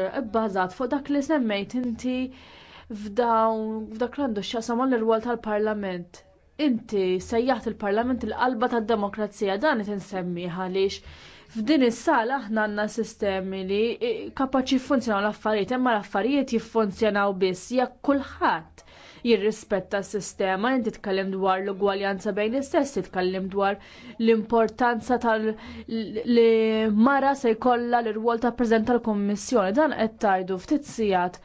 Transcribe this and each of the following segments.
Eh, bbażat fuq dak li semmejt inti f'dak l-għandu x'jasam l-irwol tal-Parlament. Inti sejjaħt il-Parlament il-qalba tad-demokrazija dan qed insemmi għaliex F'din is-sala aħna għandna sistemi li kapaċi jiffunzjonaw l-affarijiet, imma l-affarijiet jiffunzjonaw biss jekk kulħadd jirrispetta s-sistema, inti tkellem dwar l-ugwaljanza bejn istess, titkellem dwar l-importanza tal li mara se jkollha l-irwol ta' preżent tal-Kummissjoni. Dan qed tajdu ftit sigħat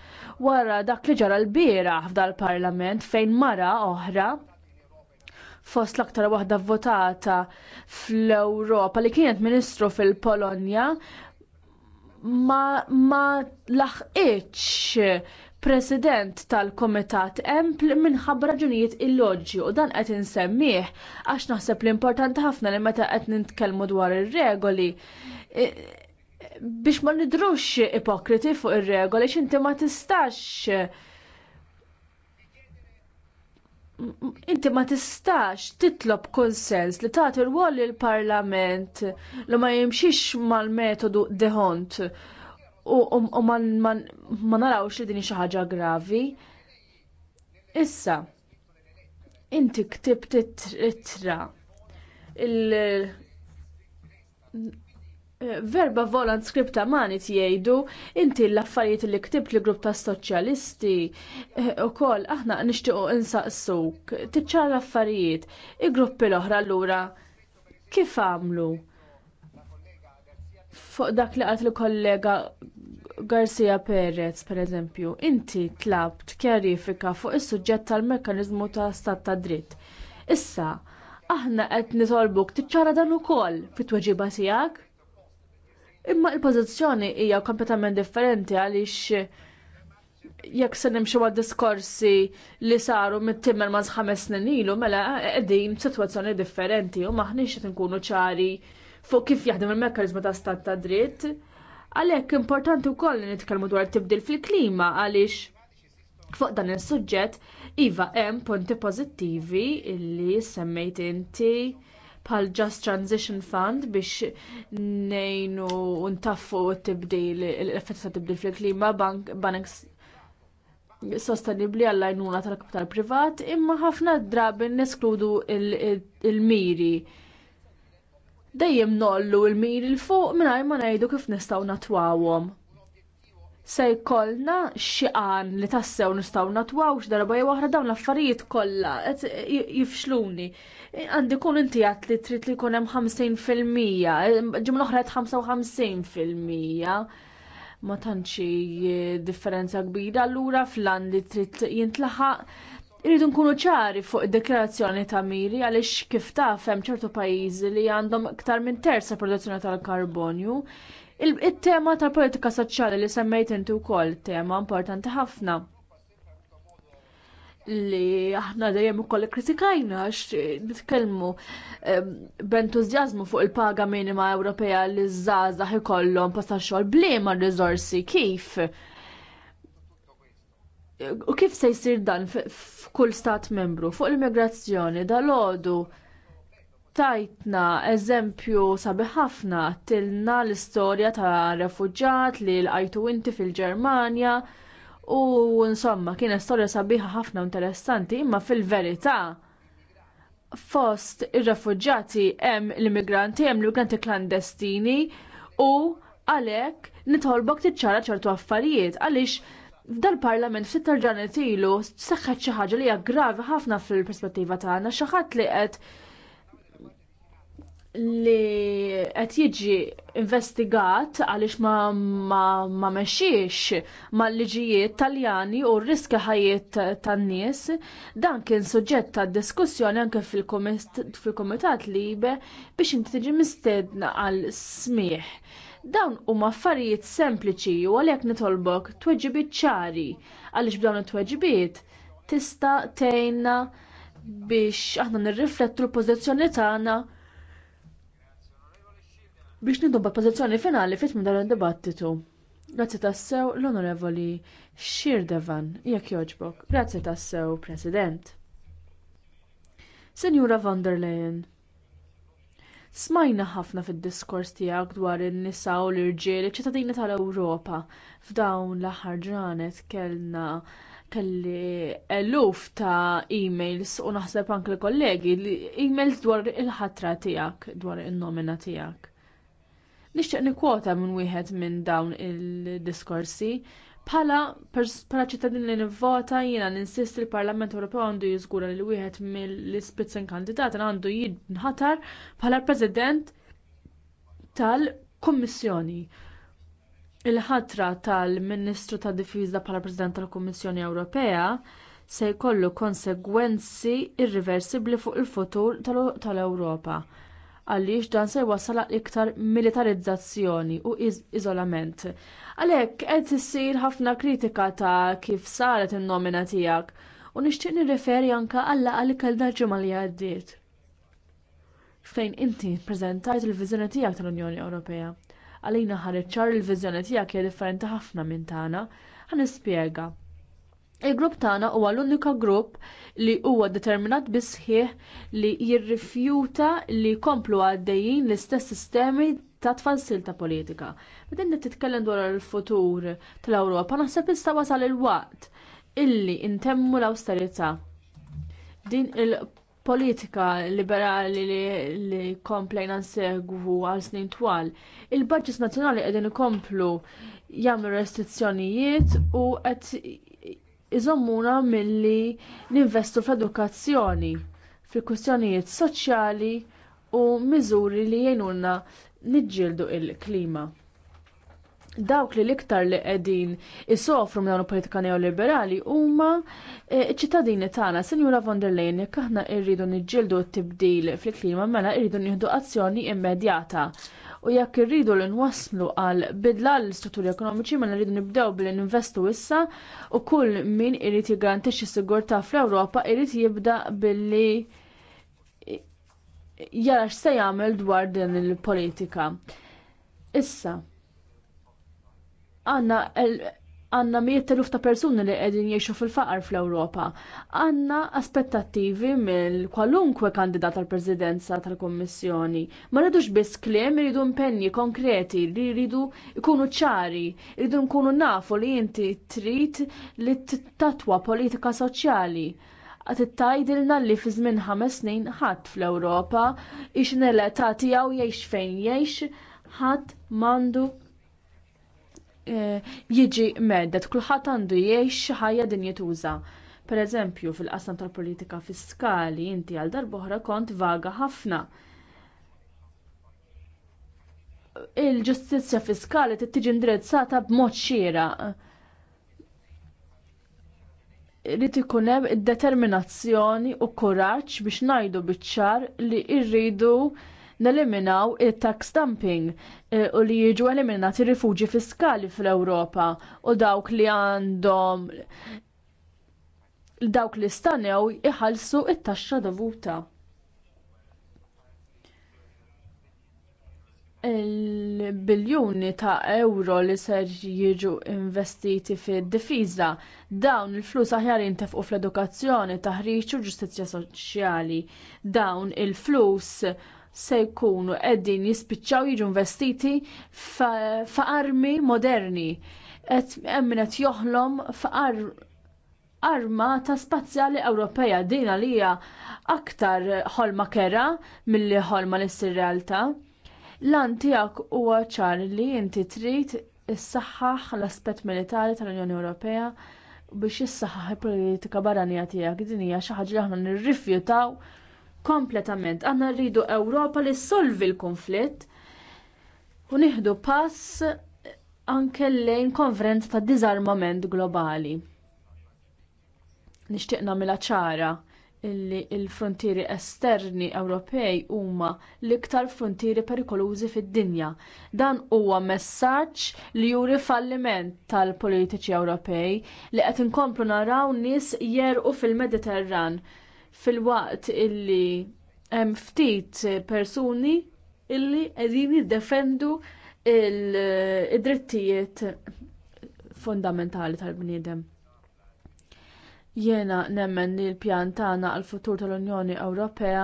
wara dak li ġara l-bieraħ f'dal-Parlament fejn mara oħra fost l-aktar waħda votata fl-Ewropa li kienet ministru fil-Polonja ma, ma laħqiċ president tal-Komitat Empl minħabba raġunijiet illoġi u dan qed insemmih għax naħseb li importanti ħafna li meta qed nitkellmu dwar ir-regoli e, biex ma nidrux ipokriti fuq ir-regoli x'inti ma tistax inti ma tistax titlob konsens li tagħti rwol il parlament li ma jimxix mal-metodu deħont u, u, ma narawx li din xi ħaġa gravi. Issa, inti ktibt ittra il verba volant skripta manit jgħidu inti l-affarijiet li ktib li grupp ta' soċjalisti eh, u aħna nixtiequ insaqsuk tiċċar l-affarijiet il-gruppi l-oħra l-ura kif għamlu fuq dak li għat l-kollega Garcia Perez, per eżempju, inti tlabt kjarifika fuq is-suġġett tal mekkaniżmu ta' stat ta' dritt. Issa, aħna qed nitolbuk tiċċara dan ukoll fit-tweġiba tiegħek? Imma il-pożizzjoni hija kompletament differenti għaliex jekk se nimxu għad diskorsi li saru mit ma' ħames snin ilu mela qegħdin situazzjoni differenti u maħniex qed inkunu ċari fuq kif jaħdem il-mekkaniżmu ta' stat ta' dritt. Għalhekk importanti wkoll li nitkellmu dwar tibdil fil-klima għaliex fuq dan is-suġġett iva hemm punti pożittivi li semmejt inti bħal Just Transition Fund biex nejnu ntaffu t-tibdil, l-effett ta' tibdil fil-klima, bank sostenibli għall-għajnuna tal-kapital privat, imma ħafna drabi neskludu il-miri. Dejjem nollu il-miri l-fuq mingħajr ma ngħidu kif nistgħu natwawhom. Se jkollna xiqan li tassew nistgħu natwaw x'darba jew waħda dawn l-affarijiet kollha qed jifxluni għandi kun inti għat li trid li jkun hemm 50%, l oħra 55%. Ma tantxi differenza kbira, allura flan li trid jintlaħaq irridu nkunu ċari fuq id-deklarazzjoni ta' miri għaliex kif taf hemm ċertu pajjiżi li għandhom iktar minn terza produzzjoni tal-karbonju. Il-tema tal-politika soċjali li semmejt inti wkoll tema importanti ħafna li aħna dejjem ukoll kritikajna għax nitkellmu b'entużjażmu fuq il-paga minima Ewropea li żgħażagħ ikollhom posta xogħol bliema r-riżorsi kif u kif se jsir dan f'kull stat membru fuq l-immigrazzjoni dal-għodu tajtna eżempju sabiħ ħafna tilna l-istorja ta' refuġġat li l-qajtu inti fil-Ġermanja U insomma, kienet storja sabiħa ħafna interessanti, imma fil-verità fost ir-refuġġati hemm l-immigranti, hemm l-immigranti klandestini u għalhekk nitolbok tiċċara ċertu affarijiet għaliex f'dal-parlament ftit ġranet ilu seħħet xi ħaġa li hija gravi ħafna fil-perspettiva tagħna xi ħadd li qed li qed jiġi investigat għaliex ma ma ma mexxiex mal-liġijiet Taljani u r-riski ħajiet tan-nies, dan kien suġġett ta' diskussjoni anke fil-Kumitat Libe biex inti tiġi mistedna għal smigħ. Dawn huma affarijiet sempliċi u għalhekk nitolbok tweġibiet ċari għaliex b'dawn it-tweġibiet tista' tgħinna biex aħna nirriflettu l-pożizzjoni tagħna biex nidobba pozizjoni finali fit minn dan id-dibattitu. Grazzi tassew l-Onorevoli Devan, jekk joġbok. Grazzi tassew, President. Senjura von der Leyen, smajna ħafna fil diskors tiegħek dwar in-nisa u l-irġiel ċittadini tal-Ewropa. F'dawn l-aħħar ġranet kellna kelli eluf ta' emails u naħseb anke l kollegi li emails dwar il-ħatra tiegħek dwar in-nomina tiegħek. Nixtieq nikkwota minn wieħed minn dawn il-diskorsi Bħala ċittadini ċittadin li nivvota jiena ninsisti li l-Parlament Ewropew għandu jiżgura li wieħed mill-ispitzen kandidat għandu jinħatar bħala President tal-Kummissjoni. Il-ħatra tal-Ministru tad-Difiża bħala President tal-Kummissjoni Ewropea se jkollu konsegwenzi irriversibbli fuq il-futur tal-Ewropa. tal ewropa għaliex dan se jwassal iktar militarizzazzjoni u iżolament. Għalhekk qed issir ħafna kritika ta' kif saret in-nomina tiegħek u nixtieq nirreferi anke għal li kellna ġimgħa li għaddiet. Fejn inti ppreżentajt il-viżjoni tiegħek tal-Unjoni Ewropea. Għalina ħareċ ċar il-viżjoni tiegħek hija differenti ħafna minn tagħna. Ħanispjega. Il-grupp tagħna huwa l-unika grupp li huwa determinat bisħieħ li jirrifjuta li jkomplu għaddejjin l-istess sistemi ta' tfassil ta' politika. Meta inti titkellem dwar il-futur tal-Ewropa naħseb issa wasal il-waqt illi intemmu l-awsterità. Din il-politika liberali li, li komplejna nsegwu għal snin twal, il-budgets nazzjonali qegħdin ikomplu jagħmlu restrizzjonijiet u qed iżommuna milli ninvestu fl-edukazzjoni, fil-kwistjonijiet soċjali u miżuri li jgħinulna niġġieldu l klima Dawk li l-iktar li qegħdin isofru minn dawn politika neoliberali huma eh, ċittadini tagħna, Sinjura von der Leyen, jekk aħna rridu niġġieldu t-tibdil fil-klima mela rridu nieħdu azzjoni immedjata u jekk irridu li nwasslu għal bidla l istrutturi ekonomiċi ma nridu nibdew bil ninvestu issa u kull min irid jiggarantixxi sigurtà fl-Ewropa irid jibda billi jara x'se jagħmel dwar din il-politika. Issa, għanna għanna miet teluf ta' persuni li qegħdin jgħixu fil-faqar fl-Ewropa. Għanna aspettattivi mill kwalunkwe kandidat tal presidenza tal-Kommissjoni. Ma rridux biss kliem iridu impenji konkreti li jridu jkunu ċari, jridu nkunu nafu li inti trid li tatwa politika soċjali. Tittajdilna li fi żmien ħames snin ħadd fl-Ewropa ix nele ta' tiegħu jgħix fejn jgħix ħadd m'għandu Eh, jiġi medet, kulħadd għandu jgħix xi ħajja din jituża. Pereżempju fil-qasam tal-politika fiskali inti għal darb'oħra kont vaga ħafna. Il-ġustizzja fiskali trid tiġi indirizzata b'mod xieraq. Irid ikun hemm determinazzjoni u kuraġġ biex ngħidu biċ-ċar li rridu neliminaw it-tax dumping eh, u li jiġu eliminati rifugi fiskali fl-Ewropa u dawk li għandhom dawk li stanew iħalsu t taxxa dovuta. il-biljuni ta' euro li ser jiġu investiti fid-difiża dawn il-flus aħjar jintefqu fl-edukazzjoni, taħriġ u ġustizzja soċjali. Dawn il-flus se jkunu qegħdin jispiċċaw jiġu investiti f'armi moderni. Qed hemm qed joħlom f'ar armata spazjali Ewropea din għalija aktar ħolma kera milli ħolma li ssir realtà. Lan tiegħek huwa ċar li inti trid issaħħaħ l-aspett militari tal-Unjoni Ewropea biex jissaħħaħ il-politika barranija tiegħek din hija xi ħaġa li aħna nirrifjutaw kompletament. Aħna rridu Ewropa li solvi l-konflitt u nieħdu pass anke lejn konferenza ta' diżarmament globali. Nixtieq nagħmilha ċara illi l-frontieri esterni Ewropej huma l-iktar frontieri perikolużi fid-dinja. Dan huwa messaġġ li juri falliment tal-politiċi Ewropej li qed inkomplu naraw nies jerqu fil-Mediterran fil-waqt illi hemm ftit persuni illi qegħdin jiddefendu il-drittijiet fundamentali tal-bniedem. Jiena nemmen li l-pjan tagħna għall futur tal-Unjoni Ewropea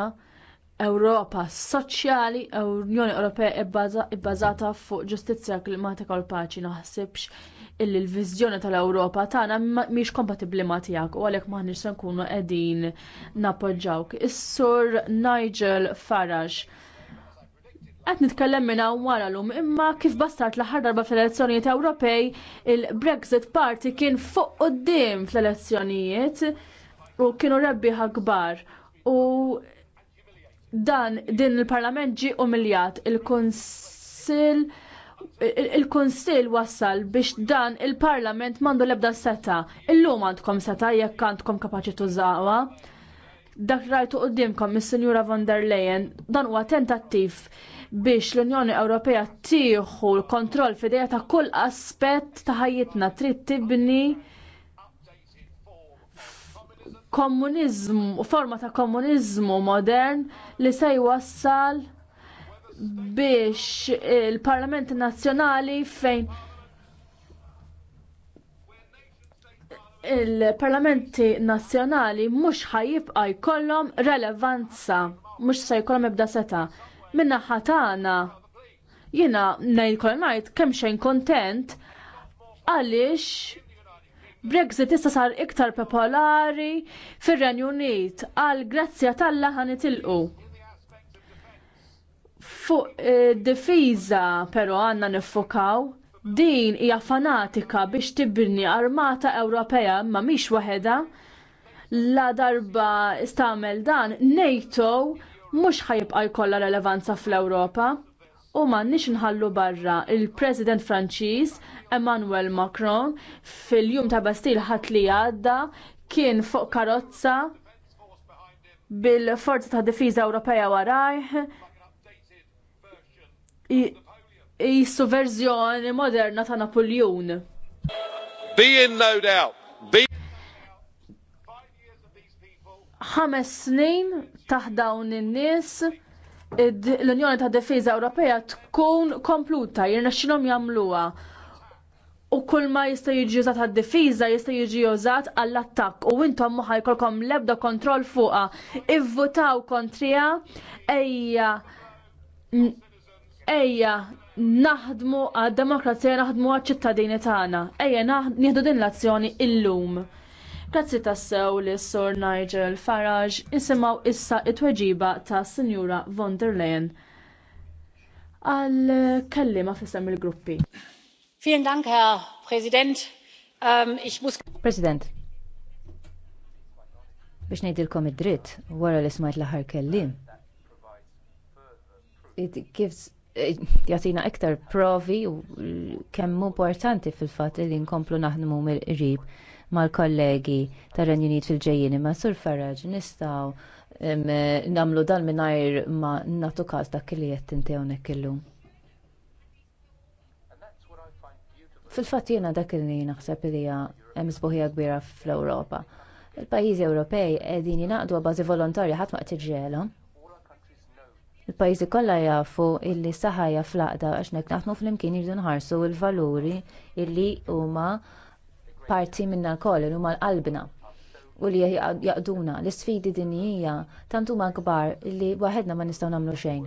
Ewropa soċjali, Unjoni Ewropea ibbażata fuq ġustizzja klimatika u l-paċi naħsibx illi l-viżjoni tal-Ewropa tagħna mhix kompatibbli ma' tiegħek u għalhekk m'aħniex se nkunu qegħdin nappoġġawk. Is-sur Nigel Farage qed nitkellem minn hawn wara lum imma kif bastart l-aħħar darba fl-elezzjonijiet Ewropej il-Brexit Party kien fuq quddiem fl-elezzjonijiet u kienu rebbieħa kbar u dan din il-Parlament ġie umiljat il-Kunsill il-Konsil wassal biex dan il-Parlament mandu lebda seta. Illum għandkom seta jekk għandkom kapaċi tużawa. Dak rajtu qoddimkom il sinjura von der Leyen dan huwa tentattiv biex l-Unjoni Ewropea tiħu l-kontroll fideja ta' kull aspett ta' ħajjitna trid tibni komuniżmu, forma ta' komunizmu modern li se jwassal biex il-Parlament Nazzjonali fejn il-parlamenti nazzjonali mhux ħajibqa' jkollhom relevanza, mhux se jkollhom ebda seta. Minna ħatana, tagħna jiena ngħid ngħid kemm xejn kontent għaliex Brexit issa sar iktar popolari fir-Renju Unit għal grazzja tal-laħan itilqu. Fuq eh, difiża però għandna niffokaw din hija fanatika biex tibni armata Ewropea imma mhix waħedha la darba stamel dan NATO mhux ħajibqa' jkollha relevanza fl-Ewropa u m'għandniex nħallu barra il-President Franċiż Emmanuel Macron fil-jum ta' Bastil ħadd li għadda kien fuq karozza bil-Forza ta' Difiża Ewropea warajh jisu verżjoni moderna ta' Napoljun. Be in no doubt. Be ħames snin ta' dawn in-nies l-Unjoni ta' Defiża Ewropea tkun kompluta, jirnexxilhom jagħmluha. U kull ma jista' jiġi użat għad-difiża jista' jiġi użat għall-attakk u intom ma ħajkolkom l-ebda kontroll fuqha. Ivvutaw kontrija ejja ejja naħdmu għad demokrazija naħdmu għad ċittadini tagħna. Ejja nieħdu din l-azzjoni illum. Grazzi tassew li sur Nigel Farage insimaw issa it-tweġiba ta' Sinjura von der Leyen għal kellima fissam il-gruppi. Vielen Dank, Herr Präsident. Um, ich muss... President, biex ngħidilkom id-dritt wara li smajt l-aħħar kellim. It gives jatina iktar provi u kemm importanti fil-fatt li nkomplu naħdmu mill-qrib mal-kollegi tar renjunit fil ġejjini ma' Sur Farraġ nistgħu nagħmlu dan mingħajr ma natu każ dak li qed inti illum. Fil-fatt jiena dak li naħseb li hija hemm sbuħija kbira fl-Ewropa. Il-pajjiżi Ewropej qegħdin jingħaqdu bażi volontarja ħadd ma qed il-pajjiżi kollha jafu li s fl aqda għax hekk naħdmu flimkien irdu nħarsu l-valuri li huma parti minna lkoll li huma qalbna u li jaqduna l-isfidi dinjija tant huma kbar li waħedna ma nistgħu nagħmlu xejn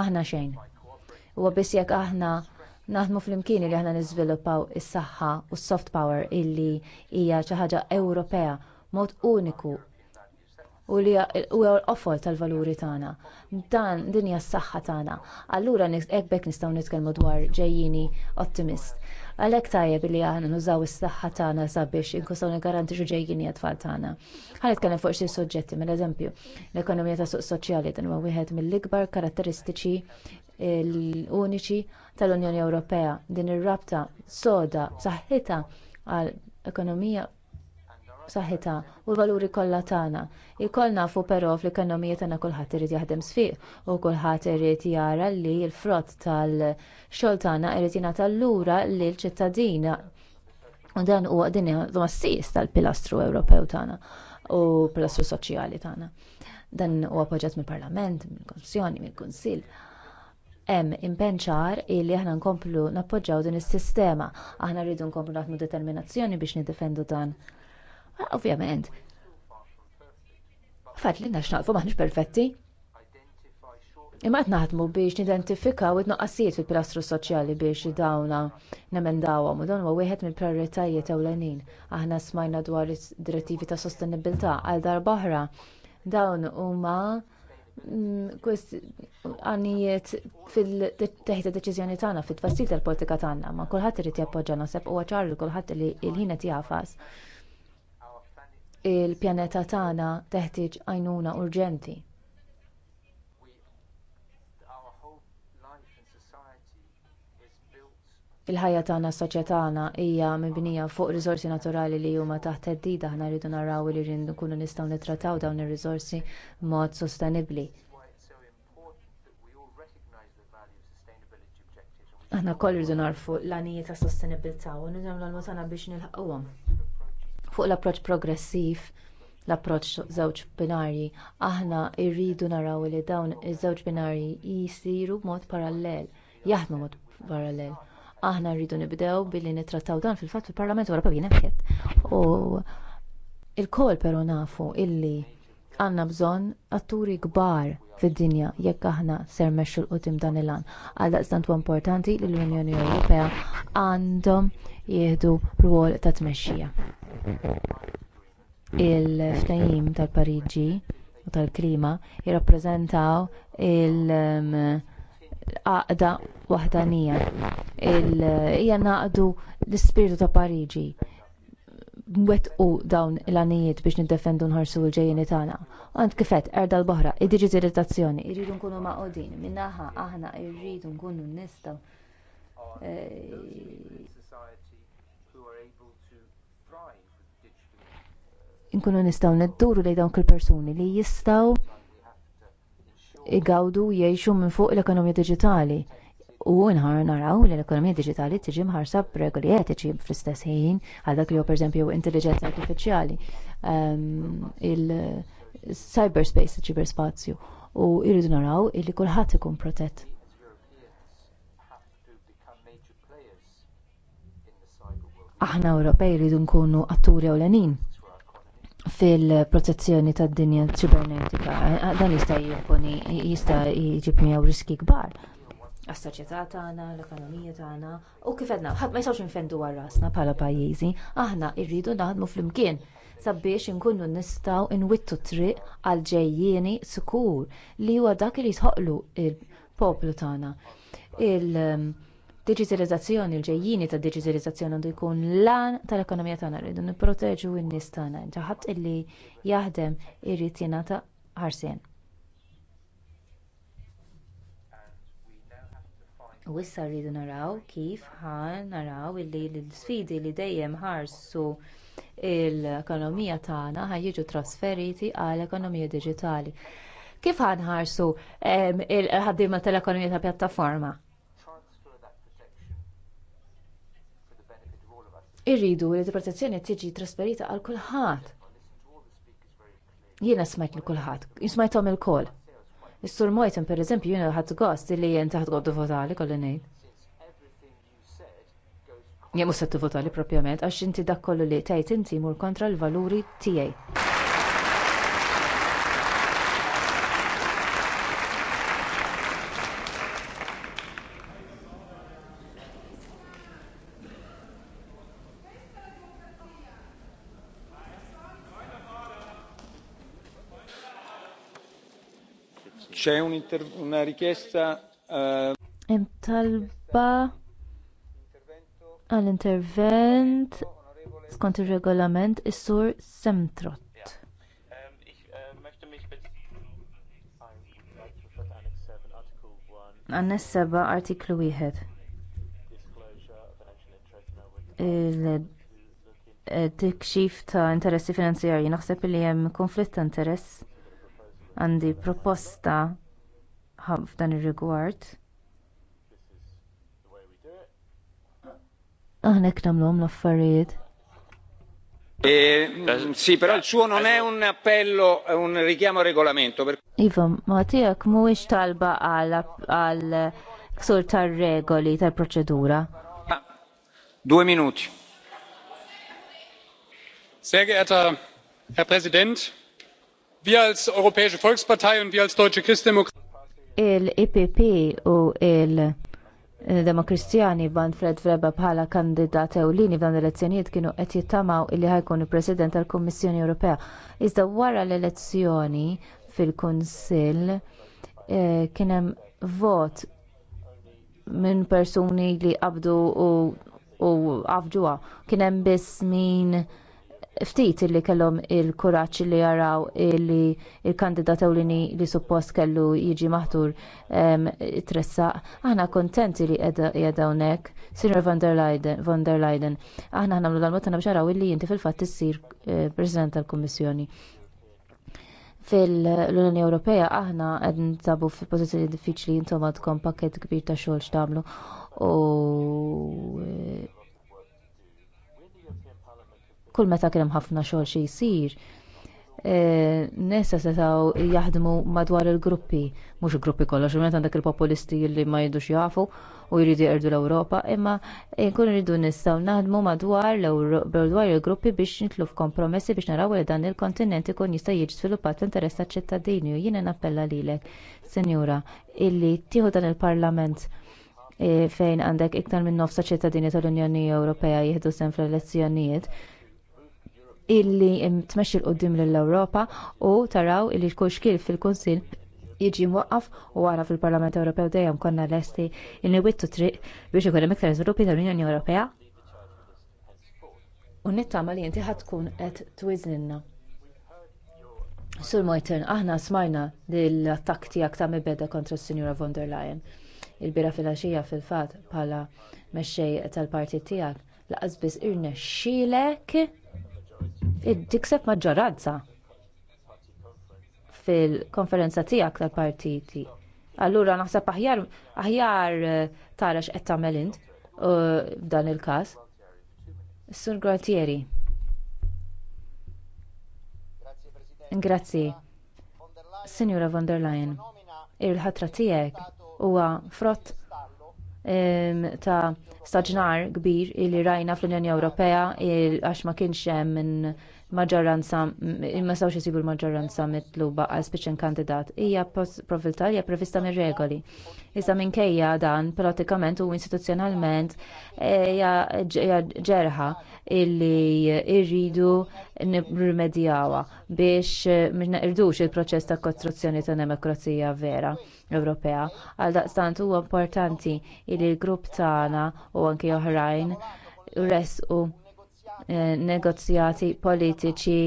m'aħna xejn huwa biss jekk aħna naħdmu flimkien li aħna niżviluppaw is-saħħa u s-soft power illi hija xi ħaġa Ewropea mod uniku u li huwa l-qofol tal-valuri tagħna. Dan din hija s-saħħa tagħna. Allura hekk nistgħu nitkellmu dwar ġejjini ottimist. Għalhekk tajjeb li aħna nużaw is-saħħa tagħna sabiex inkusaw xi ġejjini għat-tfal tagħna. Ħa nitkellem fuq xi suġġetti, mill-eżempju, l-ekonomija tas suq soċjali dan huwa wieħed mill-ikbar karatteristiċi l-uniċi tal-Unjoni Ewropea. Din ir-rabta soda saħħitha għall ekonomija saħħitha u l-valuri kollha tagħna. Ikoll nafu però fl-ekonomija tagħna kulħadd irid jaħdem sfiq u kulħadd irid jara li l-frott tal-xogħol tagħna irid jingħata lura lil ċittadin. U dan huwa din massis tal-pilastru Ewropew tagħna u pilastru soċjali tagħna. Dan huwa appoġġjat mill-Parlament, mill-Kummissjoni, mill-Kunsill hemm impenn ċar li aħna nkomplu nappoġġjaw din is-sistema aħna rridu nkomplu nagħmlu determinazzjoni biex niddefendu dan Ah, ovvjament. Fat li nax naqfu maħnix perfetti. Imma qed naħdmu biex u id noqqasijiet fil-pilastru soċjali biex dawna nemendawhom u dawn huwa wieħed mill prioritajiet ewlenin. Aħna smajna dwar id-direttivi ta' sostenibilità għal darba oħra. Dawn huma mm, għanijiet fil teħta deċiżjoni tagħna fit-tfassil tal-politika tagħna, ma kulħadd irid jappoġġa naħseb u ċar li kulħadd li l-ħin qed jafas il-pjaneta tagħna teħtieġ għajnuna urġenti il-ħajja tagħna s-soċjetà hija mibnija fuq riżorsi naturali li huma taħt theddida aħna rridu naraw li rridu nkunu nistgħu nittrattaw dawn ir-riżorsi b'mod sostenibbli aħna wkoll rridu narfu l-għanijiet tas-sostenibilità u nagħmlu l-mod tagħna biex nilħaqhom fuq l-approċċ progressiv l-approċċ żewġ binarji aħna rridu naraw li dawn iż-żewġ binarji jsiru b'mod parallel jaħdmu b'mod parallel aħna rridu nibdew billi nittrattaw dan fil-fatt fil-Parlament Ewropew jien u l-kol però nafu illi għandna bżonn atturi kbar fid-dinja jekk aħna ser mexxu l qudiem dan il-għan. Għaldaqstant huwa importanti li l-Unjoni Ewropea għandhom jieħdu rwol ta' tmexxija. Il-ftajim tal-Pariġi u tal-klima jirrappreżentaw il- um, għaqda waħdanija. Hija naqdu l-ispirtu ta' Pariġi u dawn l-għanijiet biex nid-defendu nħarsu l-ġejjeni tagħna. Għand kifet erda l bohra id-diġitalizzazzjoni, irridu nkunu maqodin, minnaħa aħna irridu nkunu nistaw. Eh, nkunu nistaw nedduru lejn dawn il persuni li jistaw igawdu jgħixu minn fuq l-ekonomija digitali u nħar naraw li l-ekonomija diġitali tiġi mħarsa b'regoli etiċi fl-istess ħin għal dak li hu pereżempju intelligenza artifiċjali ehm, il-cyberspace, ċiberspazju u jridu naraw li kulħadd ikun protett. Aħna Ewropej jridu nkunu atturi ewlenin fil-protezzjoni tad-dinja ċibernetika. Dan jista' jipponi jista' jġib miegħu riski kbar għas-soċjetà tagħna, l-ekonomija tagħna u kif edna ma jistgħux infendu għal rasna bħala pajjiżi, aħna rridu naħdmu flimkien sabiex inkunu nistgħu inwittu triq għal ġejjieni sikur li huwa dak li jitħoqlu il-poplu tagħna. Il-diġitalizzazzjoni, um, l-ġejjini ta' diġitalizzazzjoni għandu jkun lan tal-ekonomija tagħna rridu nipproteġu n-nies tagħna. Ġaħat illi jaħdem irrid jingħata ħarsien. u issa rridu naraw kif ħan naraw illi l-sfidi li dejjem ħarsu l-ekonomija tagħna jiġu trasferiti għall ekonomija diġitali. Kif ħan ħarsu il-ħaddiema tal-ekonomija ta' pjattaforma? Irridu li l-protezzjoni tiġi trasferita għal kulħadd. Jiena smajt li kulħadd, smajthom il-koll. Is-sur Mojten pereżempju jiena ħadd gost li jien taħt għoddu votali kolli ngħid. Jien mhux se tivvotali propjament għax inti dak kollu li tgħid inti mur kontra l-valuri tiegħi. C'è una richiesta. Hemm eh, talba għall-intervent skont ir-regolament is-sur Semtrot. Um, uh, Annes 7 artiklu 1. Il-tikxif eh, ta' interessi finanzjarji naħseb li jem konflitt ta' interess għandi proposta f'dan ir-rigward aħna hekk nagħmluhom l-affarijiet e, Sì, però il suo non è un appello, è un richiamo al regolamento. Iva, ma ti tiegħek mhuwiex talba al ksur tar-regoli tal procedura? Due minuti. Sehr geehrter Herr Präsident, Il-IPP u il- Demokristjani Banfred Vreba bħala kandidat ewlieni f'dan l-elezzjonijiet kienu qed jittamaw illi ħajkun il-President tal-Kummissjoni Ewropea. Iżda wara l-elezzjoni fil-Kunsill eh, kien hemm vot minn persuni li qabdu u għafġuha. Kien hemm biss min ftit illi kellhom il-kuraġġ li jaraw li l kandidat ewlieni li suppost kellu jiġi maħtur tressaq. Aħna kontenti li qiegħda hawnhekk, Sir von der Leyen. Aħna nagħmlu dal-mod tagħna biex jaraw illi inti fil-fatt issir eh, President tal-Kummissjoni fil-Unjoni Ewropea aħna qed nsabu f'pożizzjoni diffiċli intom għadkom pakkett kbir ta' xogħol x'tagħmlu u eh, kull meta kien hemm ħafna xogħol xi jsir. E, nesa Nessa setaw jaħdmu madwar il-gruppi, mhux il-gruppi kollha, xummet għandek il-populisti li ma jidux jafu u jridu jqerdu l-Ewropa, imma jkun rridu nistgħu naħdmu madwar madwar il-gruppi biex nitluf kompromessi biex naraw li dan il-kontinent ikun jista' jiġi sviluppat l-interess ċittadini u jiena nappella lilek, senjura illi tiħu dan il-Parlament e, fejn għandek iktar minn nofsa ċittadini tal-Unjoni Ewropea jieħdu sehem fl-elezzjonijiet illi tmexxi l-qoddim lill-Ewropa u taraw illi kull xkil fil-Kunsill jiġi mwaqqaf u għara fil-Parlament Ewropew dejjem konna lesti il-niwittu triq biex ikun hemm iktar iżviluppi tal-Unjoni Ewropea. U nittama li inti ħatkun qed twiżnilna. Sur Mojten, aħna smajna l-attak tiegħek ta' mibeda kontra s-Sinjura von der Leyen. Il-bira fil axija fil-fat bħala meċċej tal-partit tiegħek laqas biss xilek tikseb maġġoranza fil-konferenza tiegħek tal-partiti. Allura naħseb aħjar aħjar eh, tara x'qed tagħmel int eh, f'dan il-każ. Sur Gualtieri. Grazzi. Signora von der Leyen, il-ħatra tiegħek huwa frott ta' staġnar kbir li rajna fl-Unjoni Ewropea għax ma kienx hemm minn maġġoranza ma sawx isibu l-maġġoranza mitluba għal spiċċen kandidat hija profilta hija prevista mir-regoli. Iżda minkejja dan pratikament u istituzzjonalment hija ġerħa illi rridu nirrimedjawha biex irdux il-proċess ta' kostruzzjoni ta' demokrazija vera Ewropea. Għaldaqstant huwa importanti li l-grupp tagħna u anke oħrajn resqu Eh, negozjati politiċi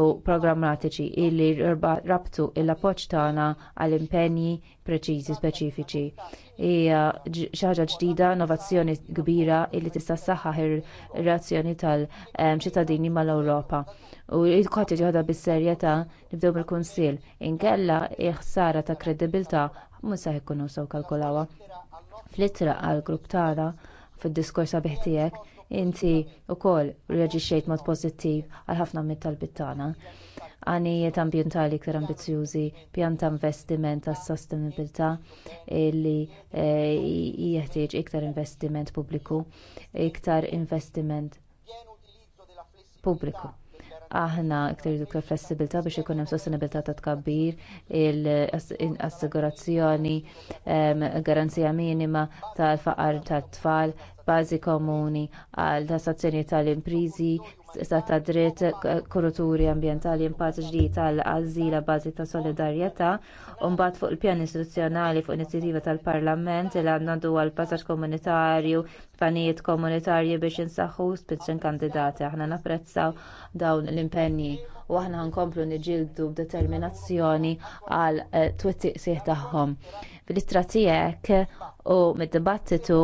u programmatiċi illi rabtu l-appoġġ tagħna għal impenji preċiżi speċifiċi. Hija xi ħaġa ġdida, innovazzjoni kbira illi tista' ssaħħaħ ir-relazzjoni tal-ċittadini ehm, mal-Ewropa. U l-kwati ġoħda bis-serjetà nibdew mill-Kunsill inkella ħsara ta' kredibilità mhux se jkunu sew kalkulawha. Fl-ittra għall grupp tagħna fid-diskors sabiħ tiegħek inti wkoll reaġixxejt mod pożittiv għal ħafna mit-talbit tagħna. Għanijiet ambjentali iktar ambizzjużi, pjan ta' investiment tas sostenibilità li e, jeħtieġ iktar investiment pubbliku, iktar investiment pubbliku aħna iktar jridu flessibilità biex ikun hemm sostenibilità ta' tkabbir, il-assigurazzjoni, garanzija minima tal-faqar tat-tfal, bażi komuni għal tassazzjoni tal-imprizi, stat tad dritt, kuruturi ambjentali, impatt ġdid tal-għażila bażi ta' solidarjetà, u mbagħad fuq il-pjan istituzzjonali fuq inizjattiva tal-Parlament li għandu għal passaġġ komunitarju, panijiet komunitarji biex insaħħu spiċċen kandidati. Aħna napprezzaw dawn l-impenni u aħna nkomplu niġildu b'determinazzjoni għal eh, twettiq sieħ tagħhom. Fil-ittra tiegħek u mid-dibattitu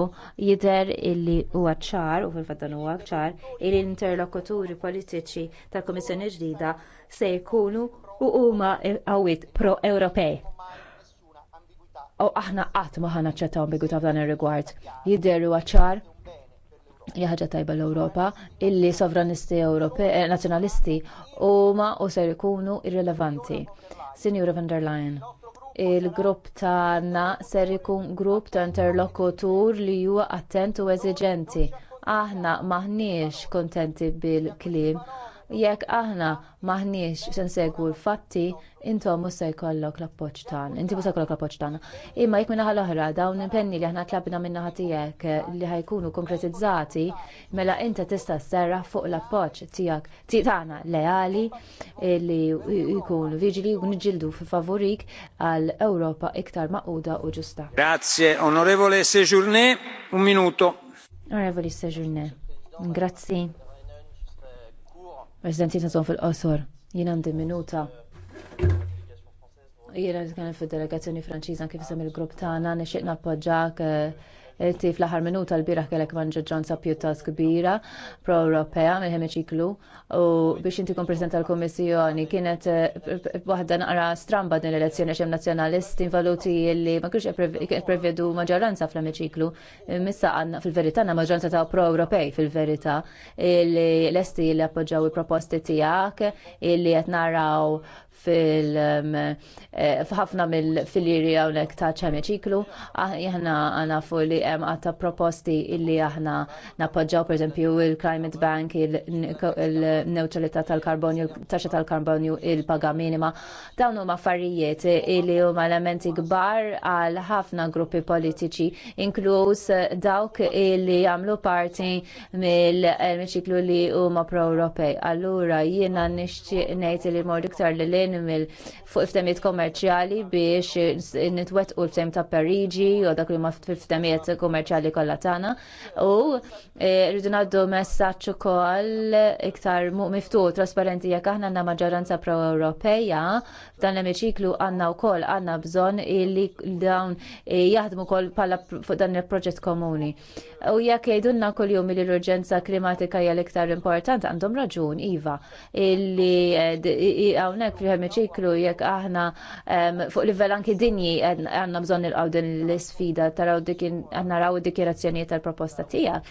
jidher illi huwa ċar u fil fatta huwa ċar illi l-interlokuturi politiċi tal-Kummissjoni ġdida se jkunu u huma għawit pro-Ewropej. U aħna qatt ma ħana ċetta ambigwità f'dan ir-rigward. Jidher huwa ċar li ħaġa tajba l-Ewropa illi sovranisti Ewropej eh, nazzjonalisti huma u ser ikunu irrelevanti. Signora van der Leyen il-grupp tagħna ser ikun grupp ta' interlokutur li huwa attent u eżiġenti. Aħna maħniex kuntenti bil-kliem jekk aħna maħniex se nsegwu l-fatti, intom mhux se jkollok l-appoġġ tagħna. Inti mhux se jkollok l-appoġġ tagħna. Imma jekk minnaħa l-oħra dawn impenni li aħna tlabna minnaħa tiegħek li ħajkunu konkretizzati, mela inti tista' sserraħ fuq l-appoġġ tiegħek tagħna leali li jkunu viġili u niġildu fi favorik għal Ewropa iktar maquda u ġusta. Grazie, onorevole Sejourné, un minuto. Onorevoli Sejourné, grazzi. Residenti tagħhom fil-qosor. Jien għandi minuta. Jien għandi nitkellem fil delegazzjoni Franċiża kif isem il-grupp tagħna nixtieq nappoġġjak eh, Eh, ti fl-aħħar minuta l-bieraħ kellek manġġanza pjuttost kbira pro-Ewropea mill ċiklu u biex inti kun President tal-Kummissjoni kienet eh, waħda naqra stramba din l-elezzjoni xem nazzjonalisti involuti li ma kienx prevedu maġġoranza fl-emiċiklu. Eh, missa għandna fil-verità għanna maġġoranza ta' pro europej fil-verità l-esti li appoġġaw il-proposti tiegħek li jatnaraw fil-ħafna um, eh, mill-filiri hawnhekk ta' jahna Aħna nafu li hemm għata proposti illi aħna nappoġġaw esempio, il-Climate Bank, il-neutralità tal-karbonju, taxxa tal-karbonju, il-paga minima. Dawn huma affarijiet illi huma elementi kbar għal ħafna gruppi politiċi, inkluż dawk illi jamlu parti mill-ċiklu li huma pro europej Allura jiena nixtieq ngħid li mor iktar lil mill fuq iftemiet kommerċjali biex nitwet u l-ftem ta' Parigi u dak li ma fil-ftemiet kommerċjali kollha tagħna u eh, rridu ngħaddu messaġġ ukoll iktar miftuħ trasparenti jekk aħna għandna maġġoranza pro-Ewropeja f'dan l-emiċiklu għandna wkoll għandna bżonn li dawn eh, jaħdmu wkoll bħala fuq dan il-proġett komuni. U jekk jgħidulna kuljum li l-urġenza klimatika hija l-iktar importanti għandhom raġun, Iva, illi eh, hawnhekk fih l emiċiklu jekk aħna fuq livell anki dinji għanna bżon il din l sfida taraw għanna raw id tal-proposta tiegħek.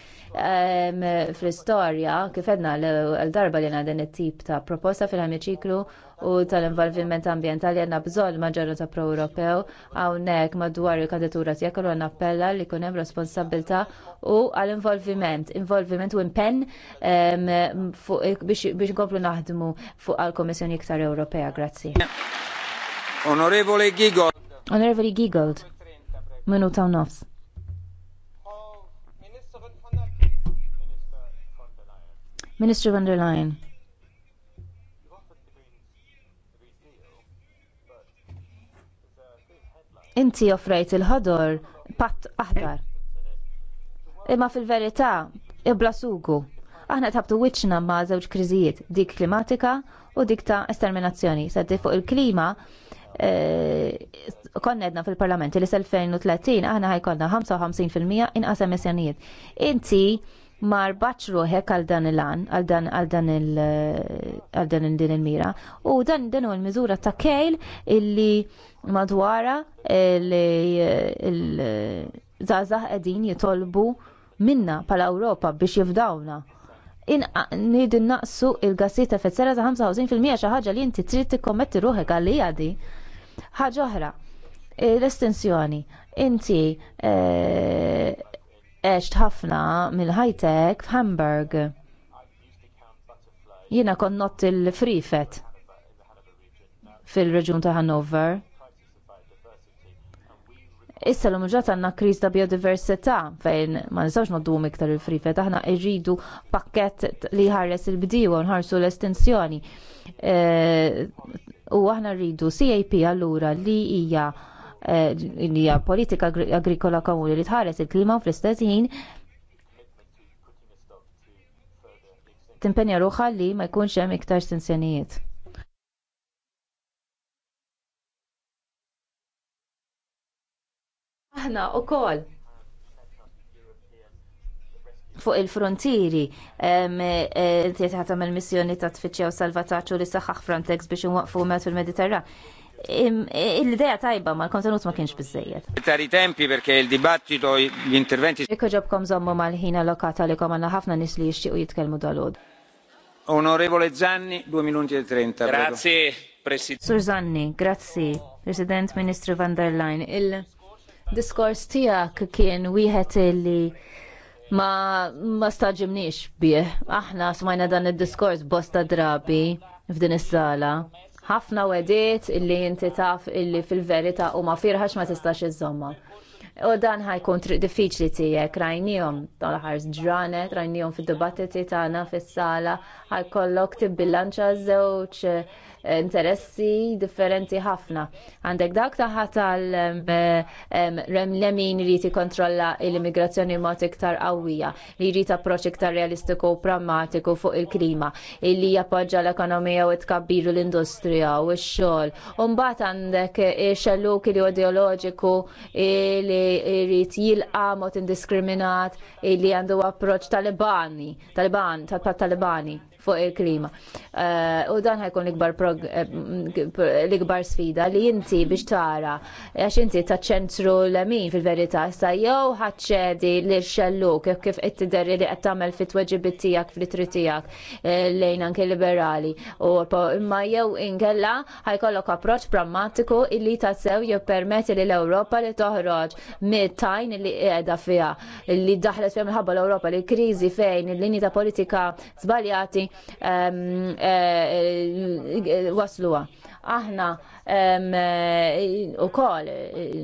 fl istoria kifedna l-darba li għandna din it-tip ta' proposta fil-emiċiklu u tal-involviment ambjentali għandna bżonn ta' pro-Ewropew hawnhekk madwar il-kandidatura tiegħek u nappella li jkun hemm responsabilità u għall involviment involviment u impenn biex nkomplu naħdmu fuq għall-Kummissjoni iktar Ewropea. Grazzi. Onorevole Gigold. Onorevoli Gigold. Minuta u nofs. Minister von der Leyen. Inti offrejt il-ħodor patt aħdar. Imma fil-verità, ibla sugu. Aħna tħabtu wiċċna ma' żewġ kriżijiet, dik klimatika u dik ta' esterminazzjoni. Saddi fuq il-klima, eh, konnedna fil-parlamenti li s 2030 aħna ħajkonna 55% inqas emissjonijiet. Inti ma rbaċ ruħek għal dan il-an, għal dan għal dan il għal dan din il-mira. U dan dan huwa l-miżura ta' kejl illi madwara il-żgħażagħ qegħdin jitolbu minna pal Ewropa biex jifdawna. Nid naqsu il-gassi ta' fetzera ta' 55% xi ħaġa li inti trid tikkommetti ruħek għal li Ħaġa oħra, l-estensjoni, inti eh, eċt ħafna mill-high-tech f'Hamburg. Jiena konnot il-frifet fil-reġun ta' Hannover. Issa l ġat għanna kriż ta' biodiversità fejn ma nistawx noddu iktar il-frifet, aħna irridu pakket li ħares il bdiju nħarsu l estensjoni eh, U aħna rridu CAP allura li hija li eh, hija politika agrikola komuni li tħares il-klima u fl-istess ħin timpenja ruħa li ma jkunx hemm iktar sinsenijiet. Aħna wkoll fuq il-frontieri eh, inti qed tagħmel missjoni ta' tfittxew salvataġġ u li saħħaħ Frontex biex inwaqfu mat fil-Mediterran l-idea tajba ma l-kontenut ma kienx bizzejiet. Tari tempi perché il-dibattito, gli interventi. Ikko ġobkom zommu mal-ħina lokata li komanna ħafna nis li jixtiqu jitkellmu dalod. Onorevole Zanni, 2 minuti e 30. Grazie, Presidente. Sur Zanni, grazie, President Ministru van der Leyen. Il-diskors tijak kien wieħed li ma, ma staġimniex bih. Aħna smajna dan il-diskors bosta drabi f'din is-sala ħafna wedet illi inti taf illi fil-verita u ma firħax ma tistax iżomma. U dan ħajkun diffiċli tiegħek rajnijom tal ħarż ġranet, rajnijom fid-dibattiti tagħna fis-sala, ħajkollok tibbilanċa żewġ interessi differenti ħafna. Għandek dak taħat tal-lemin li jrid kontrolla l-immigrazzjoni mod iktar qawwija, li jrid approċċ iktar realistiku u pragmatiku fuq il-klima, li jappoġġa l-ekonomija u tkabbiru l-industrija u x-xogħol. U mbagħad għandek xelluk li ideoloġiku li jrid jilqa' mod indiskriminat li għandu approċċ talibani, taliban, tal-talibani fuq il-klima. Eh, u dan ħajkun eh, l-ikbar sfida li inti biex tara għax inti ta' ċentru l emin fil-verità sa jow ħacċedi li xelluk kif it-tideri li qed tagħmel fit-tweġibiet tiegħek fit tiegħek eh, lejn anke liberali. U imma jew inkella ħajkollok approċċ prammatiku illi sew jippermetti li l-Ewropa li toħroġ mit-tajn li qiegħda fiha li daħlet fiha minħabba l europa li kriżi fejn il-linji ta' politika żbaljati Um, eh, eh, wasluha aħna eh, kol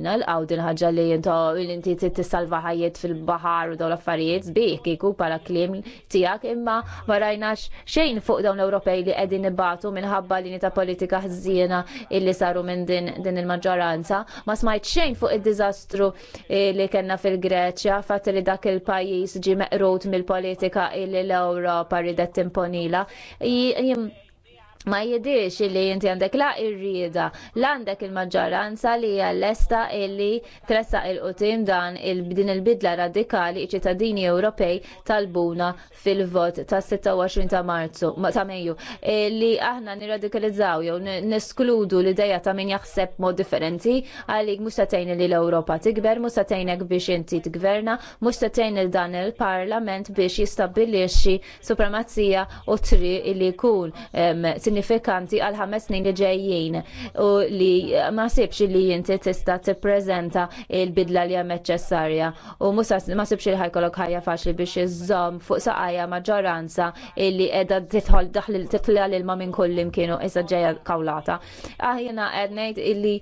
nalqaw din ħaġa li l inti t-salva ħajiet fil-baħar u dawn l-affarijiet sbieħ kieku bħala kliem tiegħek imma ma rajnax xejn fuq dawn l Ewropej li qegħdin ibatu minħabba linji ta' politika ħżiena illi saru minn din il-maġġoranza. Ma smajt xejn fuq id-diżastru eh, li kellna fil-Greċja fatt li dak il-pajjiż ġi meqrut mill-politika illi l-Ewropa ridet timponila ma jidhirx illi inti għandek la irrieda la għandek il-maġġoranza li hija lesta illi tressa il-qutim dan din il-bidla radikali ċittadini Ewropej talbuna fil-vot ta' 26 ta' Marzu ta' Mejju li aħna nirradikalizzaw jew neskludu l-idea ta' min jaħseb mod differenti għalik mhux tagħtejn li l-Ewropa tikber mhux tagħtejnek biex inti tgverna mhux tagħtejn il dan il-Parlament biex jistabilixi supremazija u tri li jkun sinifikanti għal ħames snin li ġejjin u li ma sibx li jinti tista tippreżenta il-bidla li hemm neċessarja u musa ma sibx li ħajkolok ħajja faċli biex iżżomm fuq saqajja maġġoranza li qiegħda tidħol daħli titla l-ilma minn kull imkienu issa ġejja kawlata. Aħjena ah, qed ngħid illi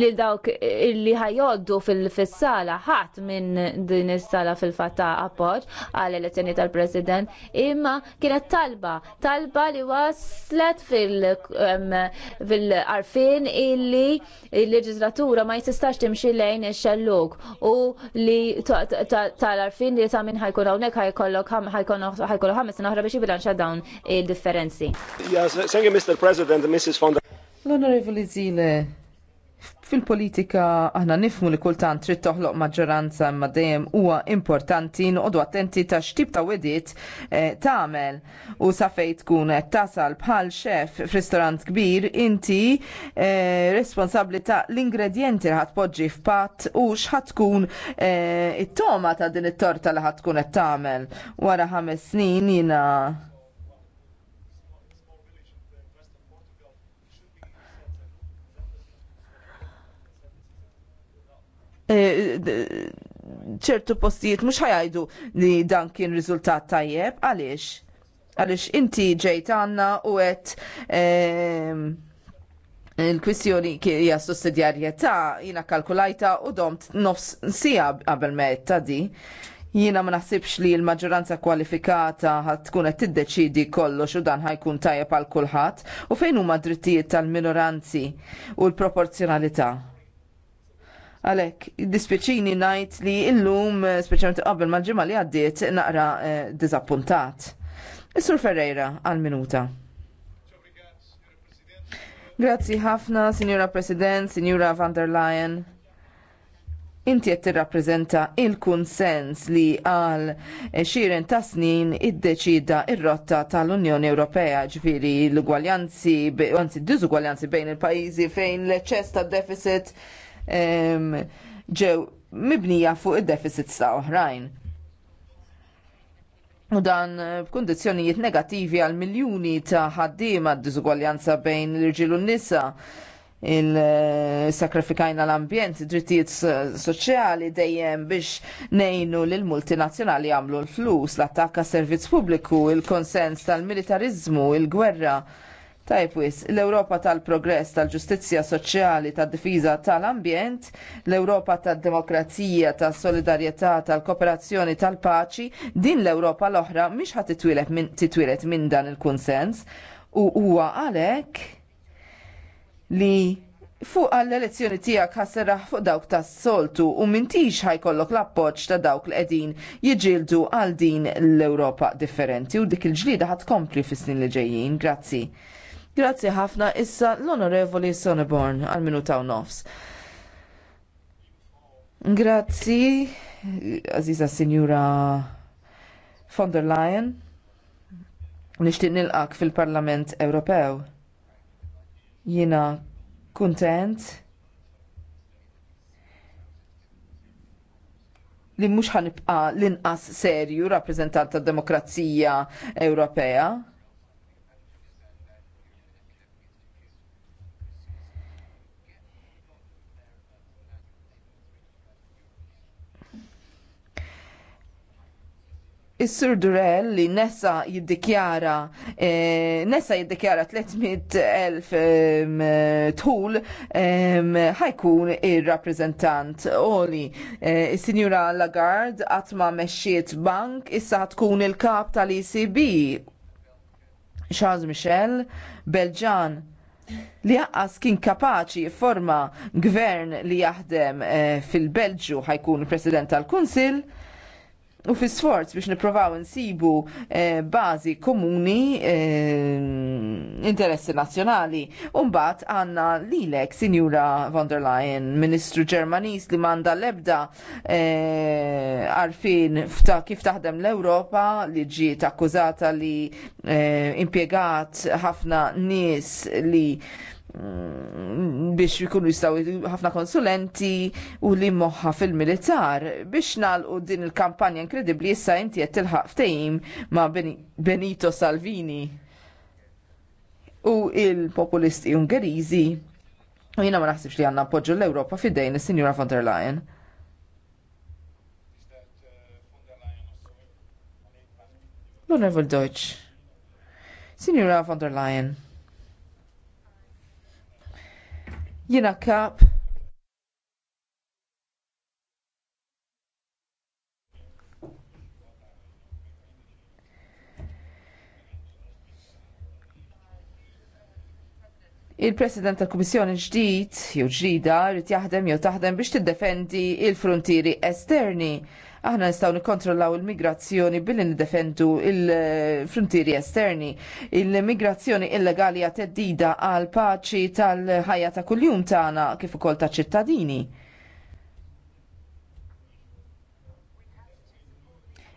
li dawk li ħajoddu fil-sala ħadd minn din is-sala fil-fatta appoġġ għal elezzjoni tal-President imma kienet tal talba, talba li waslet fil-arfin illi il-leġislatura ma jistax timxi lejn ix-xelluk u li tal-arfin li ta' minn ħajkun hawnhekk ħajkollok ħajkollok ħames naħra biex jibilanċa dawn il-differenzi. Mr. President, Mrs. Fonda. L-Onorevoli Zile, Fil-politika aħna nifmu li kultant trid toħloq maġġoranza imma dejjem huwa importanti noqogħdu attenti ta' x'tip ta' wedit eh, tagħmel u sa fejn tkun qed tasal bħal xef f'ristorant kbir inti eh, responsabbli ta' l-ingredjenti li ħadpoġġi f'patt u x'ħad tkun eh, it-toma ta' din it-torta li ħad tkun qed tagħmel wara ħames snin jiena Eh, ċertu postijiet mhux ħajajdu li dan kien riżultat tajjeb, għaliex? Għaliex inti ġejt għandna u għet ehm, il-kwistjoni hija sussidjarjetà jiena kalkulajta u domt nofs sija qabel ma ta' di. Jiena ma naħsibx li l-maġġoranza kwalifikata ħad tkun qed tiddeċidi kollox u dan ħajkun tajjeb għal kulħadd u fejn huma drittijiet tal-minoranzi u l-proporzjonalità. Għalek, dispieċini najt li illum, eh, speċjalment qabel mal-ġimma li għaddiet, naqra eh, dizappuntat. Is-Sur Ferreira, għal-minuta. Grazzi ħafna, Signora President, Signora van der Leyen inti qed tirrappreżenta il-kunsens li għal eh, xiren ta' snin iddeċida ir-rotta tal-Unjoni Ewropea ġifieri l-ugwaljanzi, anzi d-diżugwaljanzi bejn il-pajjiżi fejn l-eċċess tad-deficit ġew mibnija fuq id-deficits ta' oħrajn. U dan eh, b'kundizzjonijiet negattivi għal miljuni ta' ħaddiema għad diżugwaljanza bejn l-irġiel u n-nisa il-sakrifikajna l-ambjent, drittijiet soċjali dejjem biex nejnu l-multinazzjonali għamlu l-flus, l-attakka servizz pubbliku, il-konsens tal-militarizmu, il-gwerra. Tajb wis, l-Ewropa tal-progress, tal-ġustizzja soċjali, tad-difiża tal-ambjent, l-Ewropa tad-demokrazija, tal solidarjetà tal-kooperazzjoni, tal-paċi, din l-Ewropa l-oħra mhix ħadd titwilet minn dan il-kunsens u huwa għalhekk li fuq għall-elezzjoni tiegħek ħasserraħ fuq dawk tas-soltu u mintix ħajkollok l-appoġġ ta' dawk l qegħdin jiġildu għal din l-Ewropa differenti u dik il-ġlida ħad kompli fis-snin li ġejjin. Grazzi. Grazzi ħafna issa l-Onorevoli Sonneborn għal minuta u nofs. Grazzi, Aziza Signora von der Leyen, nishtiq nilqak fil-Parlament Ewropew. Jina kuntent li mhux ħanibqa' l-inqas serju rappreżentant tad-Demokrazija Ewropea Is-Sur Durell li nessa jiddikjara eh, nessa jiddikjara 300.000 tul ħajkun il rappreżentant Oli. eh, Is-Sinjura Lagarde qatt ma bank issa tkun il-kap tal-ECB. Charles Michel, Belġan, li jaqqas kien kapaċi forma gvern li jaħdem eh, fil-Belġu ħajkun president tal-Kunsil U fi sforz biex niprovaw nsibu eh, bazi komuni eh, interessi nazjonali. Umbat għanna lilek, Sinjura von der Leyen, Ministru Ġermanis li manda lebda eh, arfin fta kif taħdem l-Europa li ġiet akkużata li eh, impiegat ħafna nis li eh, biex jkunu jistaw ħafna konsulenti u li moħħa fil-militar biex nalqu din il-kampanja inkredibbli issa inti jett il ma' Benito Salvini u il-populisti Ungeriżi u jiena ma naħsibx li għandna appoġġu l-Ewropa fidejn is signora von der Leyen. l Deutsch. Signora von der Leyen. Jiena kap il-President tal-Kummissjoni ġdid jew ġdida rrid jaħdem jew taħdem biex tiddefendi il-frontieri esterni. Aħna nistgħu nikkontrollaw il-migrazzjoni billi nidefendu il-frontieri esterni. Il-migrazzjoni illegali hija teddida għal paċi tal-ħajja ta' kuljum tagħna kif ukoll ta' ċittadini.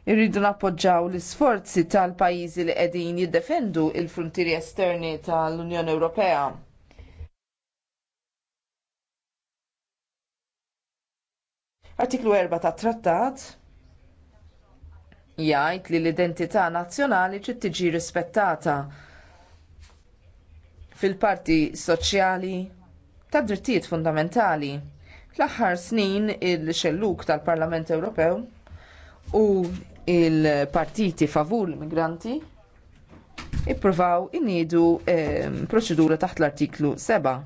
irridu nappoġġaw l-isforzi tal-pajjiżi li qegħdin jiddefendu l frontieri esterni tal-Unjoni Ewropea. Artiklu 4 tat trattat jgħid li l-identità nazzjonali trid tiġi rispettata fil-parti soċjali tad drittijiet fundamentali. Fl-aħħar snin il-xelluk tal-Parlament Ewropew u l partiti favur l-migranti ippruvaw inniedu eh, proċedura taħt l-artiklu 7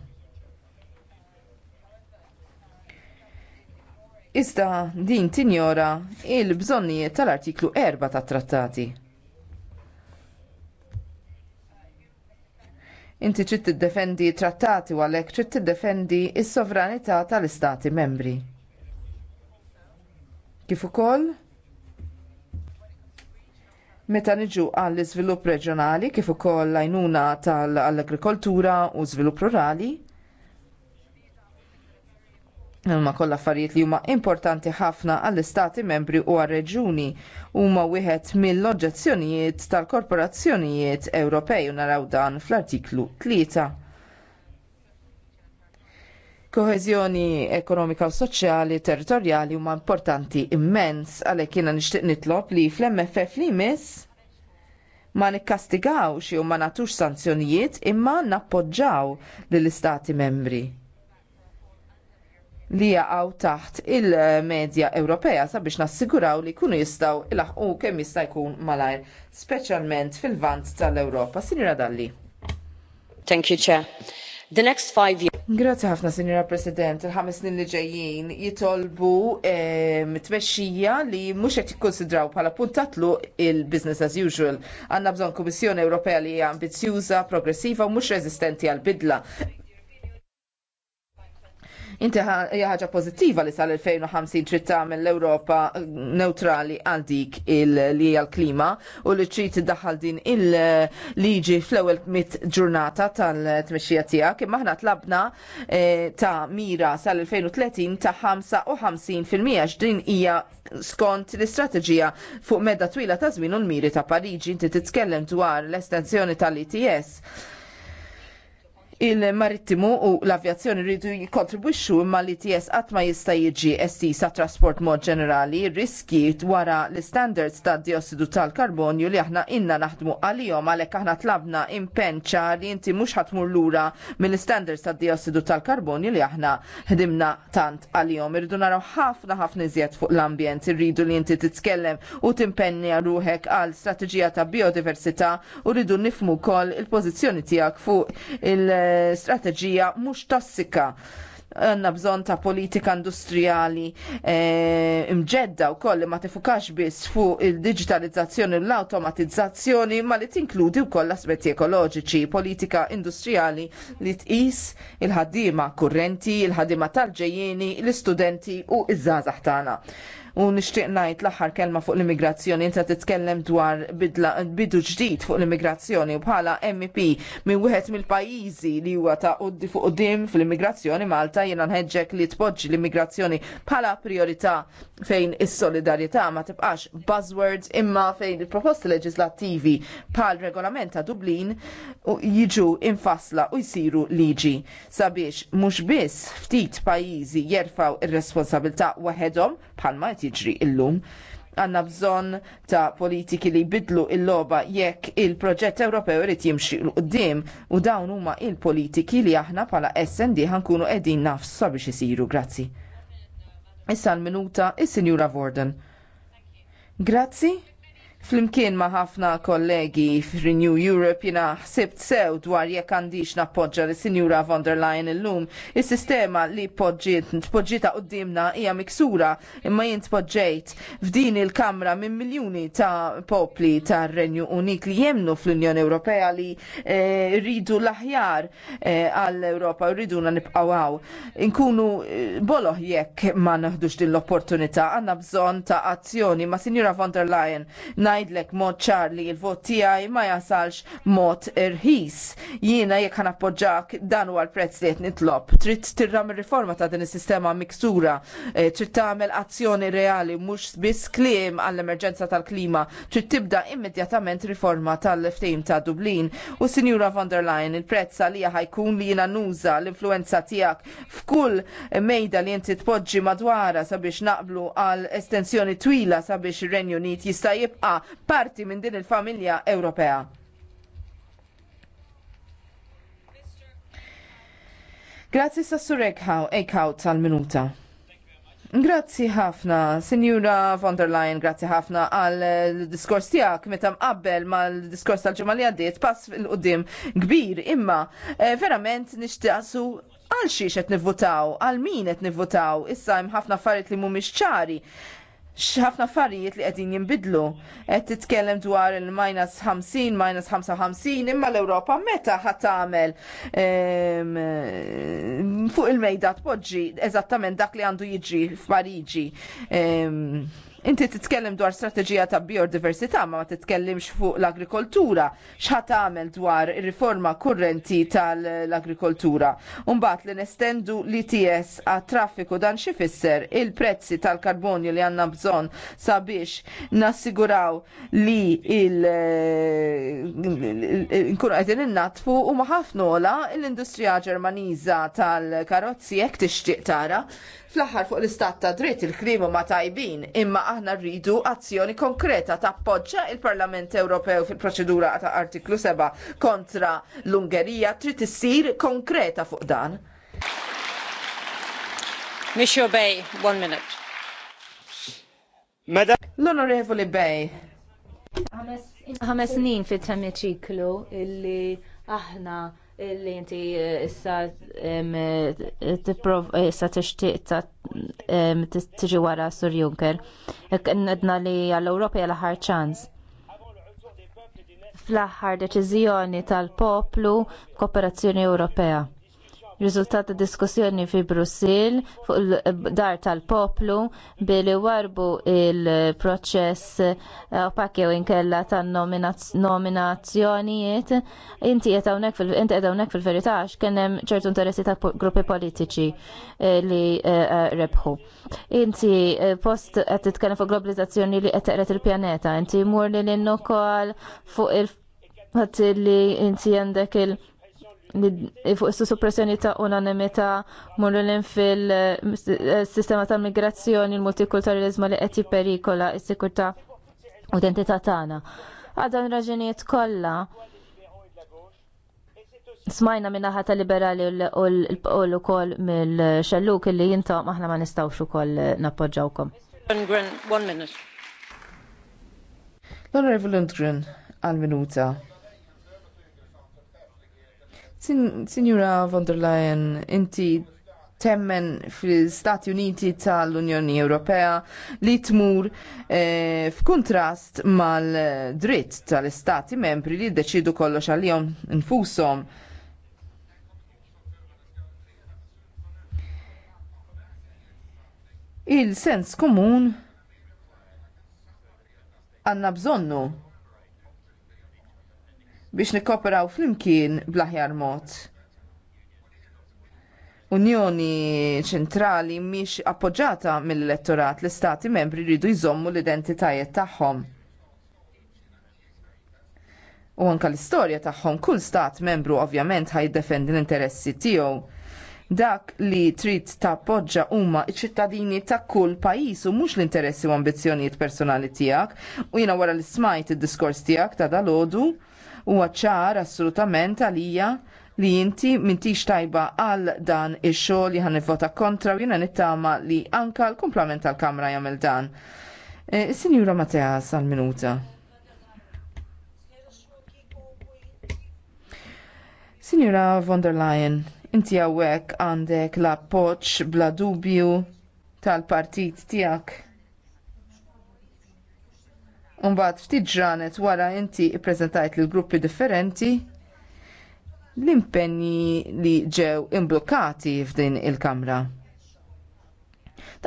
Iżda din tinjora il-bżonnijiet tal-artiklu 4 tat-trattati. Inti trid tiddefendi t trattati u għalhekk trid tiddefendi s-sovranità tal-istati membri. Kif ukoll? Meta niġu għall iżvilupp reġjonali kif ukoll l-għajnuna tal-agrikoltura u żvilupp rurali, Imma kollha affarijiet li huma importanti ħafna għall-istati membri u għar-reġuni huma wieħed mill-oġġezzjonijiet tal-korporazzjonijiet Ewropej u naraw dan fl-artiklu 3. Koheżjoni ekonomika u soċjali territorjali huma importanti immens għalhekk jiena nixtieq nitlob li fl-MFF li jmiss ma nikkastigawx jew ma nagħtux sanzjonijiet imma nappoġġaw lill-istati membri li jaqgħu taħt il-medja Ewropea sabiex nassiguraw li jkunu jistgħu ilaħqu kemm jista' jkun malajr, speċjalment fil-vant tal-Ewropa. Sinjura Dalli. Thank you, Chair. The next five years. Grazie ħafna, Sinjura President. Il-ħames snin li ġejjin jitolbu tmexxija li mhux qed jikkonsidraw bħala puntatlu il-business as usual. Għandna bżonn Kummissjoni Ewropea li hija ambizzjuża, progressiva u mhux reżistenti għal bidla Inti ħaġa pozittiva li sal-2050 trid tagħmel l-Ewropa neutrali għal dik li hija l-klima u li trid tiddaħħal din il-liġi fl-ewwel mit ġurnata tal-tmexxija tiegħek imma aħna tlabna eh, ta' mira sal-2030 ta' 55% din hija skont l-istrateġija fuq medda twila ta' żmien u l-miri ta' Pariġi inti titkellem dwar l-estensjoni tal its il-marittimu u l-avjazzjoni rridu jikontribwixxu imma li ts qatt ma jista' jiġi sa trasport mod ġenerali, riski wara l-standards ta' diossidu tal-karbonju li aħna inna naħdmu għalihom għalhekk aħna tlabna impenċa li inti mhux ħatmur lura mill-standards ta' diossidu tal-karbonju li aħna ħdimna tant għalihom. Irridu naraw ħafna ħafna iżjed fuq l-ambjent, irridu li inti titkellem u timpenja ruħek għal strateġija ta' biodiversità u rridu nifmu wkoll il-pożizzjoni tiegħek fuq il- strateġija mhux tossika għanna bżon ta' politika industrijali e, imġedda u koll ma tifukax biss fuq il-digitalizzazzjoni u l-automatizzazzjoni ma li tinkludi u koll aspetti ekoloġiċi, politika industrijali li tqis il-ħaddima kurrenti, il-ħaddima tal-ġejjeni, l-istudenti u iż-żazax tagħna u nixtieq ngħid l-aħħar kelma fuq l-immigrazzjoni inta titkellem dwar bidla bidu ġdid fuq l-immigrazzjoni u bħala MEP minn wieħed mill-pajjiżi li huwa ta' quddi fuq qudiem fl-immigrazzjoni Malta jiena nħeġġek li tpoġġi l-immigrazzjoni bħala priorità fejn is-solidarjetà ma tibqax buzzwords imma fejn il-proposti leġislattivi bħal regolament ta' Dublin jiġu infasla u jsiru liġi sabiex mhux biss ftit pajjiżi jerfaw ir-responsabilità waħedhom bħalma qed jiġri illum. Għanna bżonn ta' politiki li jbidlu il-loba jekk il-proġett Ewropew irid jimxi l u dawn huma il-politiki li aħna bħala SND ħankunu qegħdin nafsa biex isiru. Grazzi. Issa l-minuta is-Sinjura Vorden. Grazzi. Flimkien ma' ħafna kollegi f'Renew Europe jina ħsibt sew dwar jekk għandix nappoġġa li Sinjura von der Leyen illum. Is-sistema li poġġieta' qudiemna hija miksura imma jien tpoġġejt f'din il-Kamra minn miljuni ta' popli tar renju Unit li jemnu fl-Unjoni Ewropea li eh, rridu l-aħjar eh, għall-Ewropa u rridu hawn. Inkunu eh, boloh jekk ma naħdux din l-opportunità għandna bżonn ta' azzjoni ma' Sinjura von der Leyen ngħidlek mod ċar li l-vot tiegħi ma jasalx mod irħis. Jiena jekk appoġġak dan huwa l-prezz li qed nitlob. Trid tirram ir-riforma ta' din is-sistema miksura, e, trid tagħmel azzjoni reali mhux biss kliem għall-emerġenza tal-klima, trid tibda immedjatament riforma tal-ftehim ta' Dublin. U Sinjura von der Leyen, il-prezz għalija ħajkun li jiena nuża l-influenza tiegħek f'kull mejda li inti tpoġġi madwara sabiex naqblu għal estensjoni twila sabiex ir-Renju Unit jista' jibqa' parti minn din il-familja Ewropea. Grazzi Sassur Eichhout tal-minuta. Grazzi ħafna, Sinjura von der Leyen, grazzi ħafna għal diskors tijak, meta mqabbel mal diskors tal-ġemal li għaddiet, pass fil-qoddim kbir, imma eh, verament nishtaqsu għal xiex qed nivvotaw, għal min qed nivvotaw, issa hemm ħafna affarijiet li mhumiex ċari x'ħafna affarijiet li qegħdin jinbidlu. Qed titkellem dwar il-minus 50, minus 55, imma l-Ewropa meta ħat tagħmel ehm, fuq il-mejda tpoġġi eżattament dak li għandu jiġri f'Pariġi. Ehm, Inti titkellem dwar strateġija ta' biodiversità ma ma titkellimx fuq l-agrikoltura. X'ħat għamel dwar ir-riforma kurrenti tal-agrikoltura. Umbagħad li nestendu l-ITS għat traffiku dan xifisser il-prezzi tal-karbonju li għandna bżonn sabiex nassiguraw li il eh, nkunu qegħdin innatfu u ma ħafna l-industrija Ġermaniża tal-karozzi jekk tixtieq tara Fl-aħħar fuq l-istat ta' dritt il krimu ma tajbin, imma aħna rridu azzjoni konkreta ta' appoġġa il-Parlament Ewropew fil-proċedura ta' artiklu 7 kontra l-Ungerija trid issir konkreta fuq dan. Monsieur Bay, one minute. Madam... L-Onorevoli Bay. Ħames snin fit-tamiċiklu illi aħna li inti eh, issa eh, tipprov eh, issa tixtieq ta' tiġi wara Sur Juncker. Nedna li għall-Ewropa l aħħar ċans. Fl-aħħar deċiżjoni tal-poplu kooperazzjoni Ewropea riżultat ta' diskussjoni fi Brussel fuq il-dar tal-poplu billi warbu il-proċess eh, opak jew inkella tan nominazzjonijiet inti qed hawnhekk fil inti qed hawnhekk fil-verità għax kien hemm ċertu interessi ta' gruppi politiċi eh, li eh, rebħu. Inti post qed titkellem fuq globalizzazzjoni li qed teqret il-pjaneta, inti mur lil ukoll fuq il-fatt li inti għandek il- fuq is-suppressjoni ta' unanimità mullulin fil-sistema ta' migrazzjoni l-multikulturalizmu li qed jipperikola s-sikurtà u identità tagħna. Għal dawn raġunijiet kollha smajna minna ħata liberali u l ukoll mill-xelluk li jinta maħna ma nistawx ukoll nappoġġawkom. L-Onorevole Lundgren, għal-minuta. Signora von der Leyen, inti temmen fil-Stati Uniti tal-Unjoni Ewropea li tmur eh, f'kuntrast mal-dritt tal-Stati membri li deċidu kollox għalihom infushom. Il-sens komun għandna bżonnu biex nikkoperaw flimkien bl-aħjar mod. Unjoni ċentrali mhix appoġġjata mill-elettorat l-istati membri jridu jżommu l-identitajiet tagħhom. U anke l-istorja tagħhom kull stat membru ovvjament ħajdefendi l-interessi tiegħu. Dak li trid tappoġġa huma ċ-ċittadini ta' kull pajjiż u mhux l-interessi u ambizzjonijiet personali tiegħek u jiena wara li smajt id-diskors tiegħek ta' dalodu Huwa ċar assolutament għalija li inti mintix tajba għal dan ix-xogħol li ħan vota kontra u jiena nittama li anka l-kumplament tal-Kamra jagħmel dan. E, Signora Mateas Matea sal-minuta. Signora von der Leyen, inti għawek għandek la poċ bla dubju tal-partit tijak Umbat ftit ġranet wara inti ppreżentajt lil gruppi differenti l-impenji li ġew imblukkati f'din il-Kamra.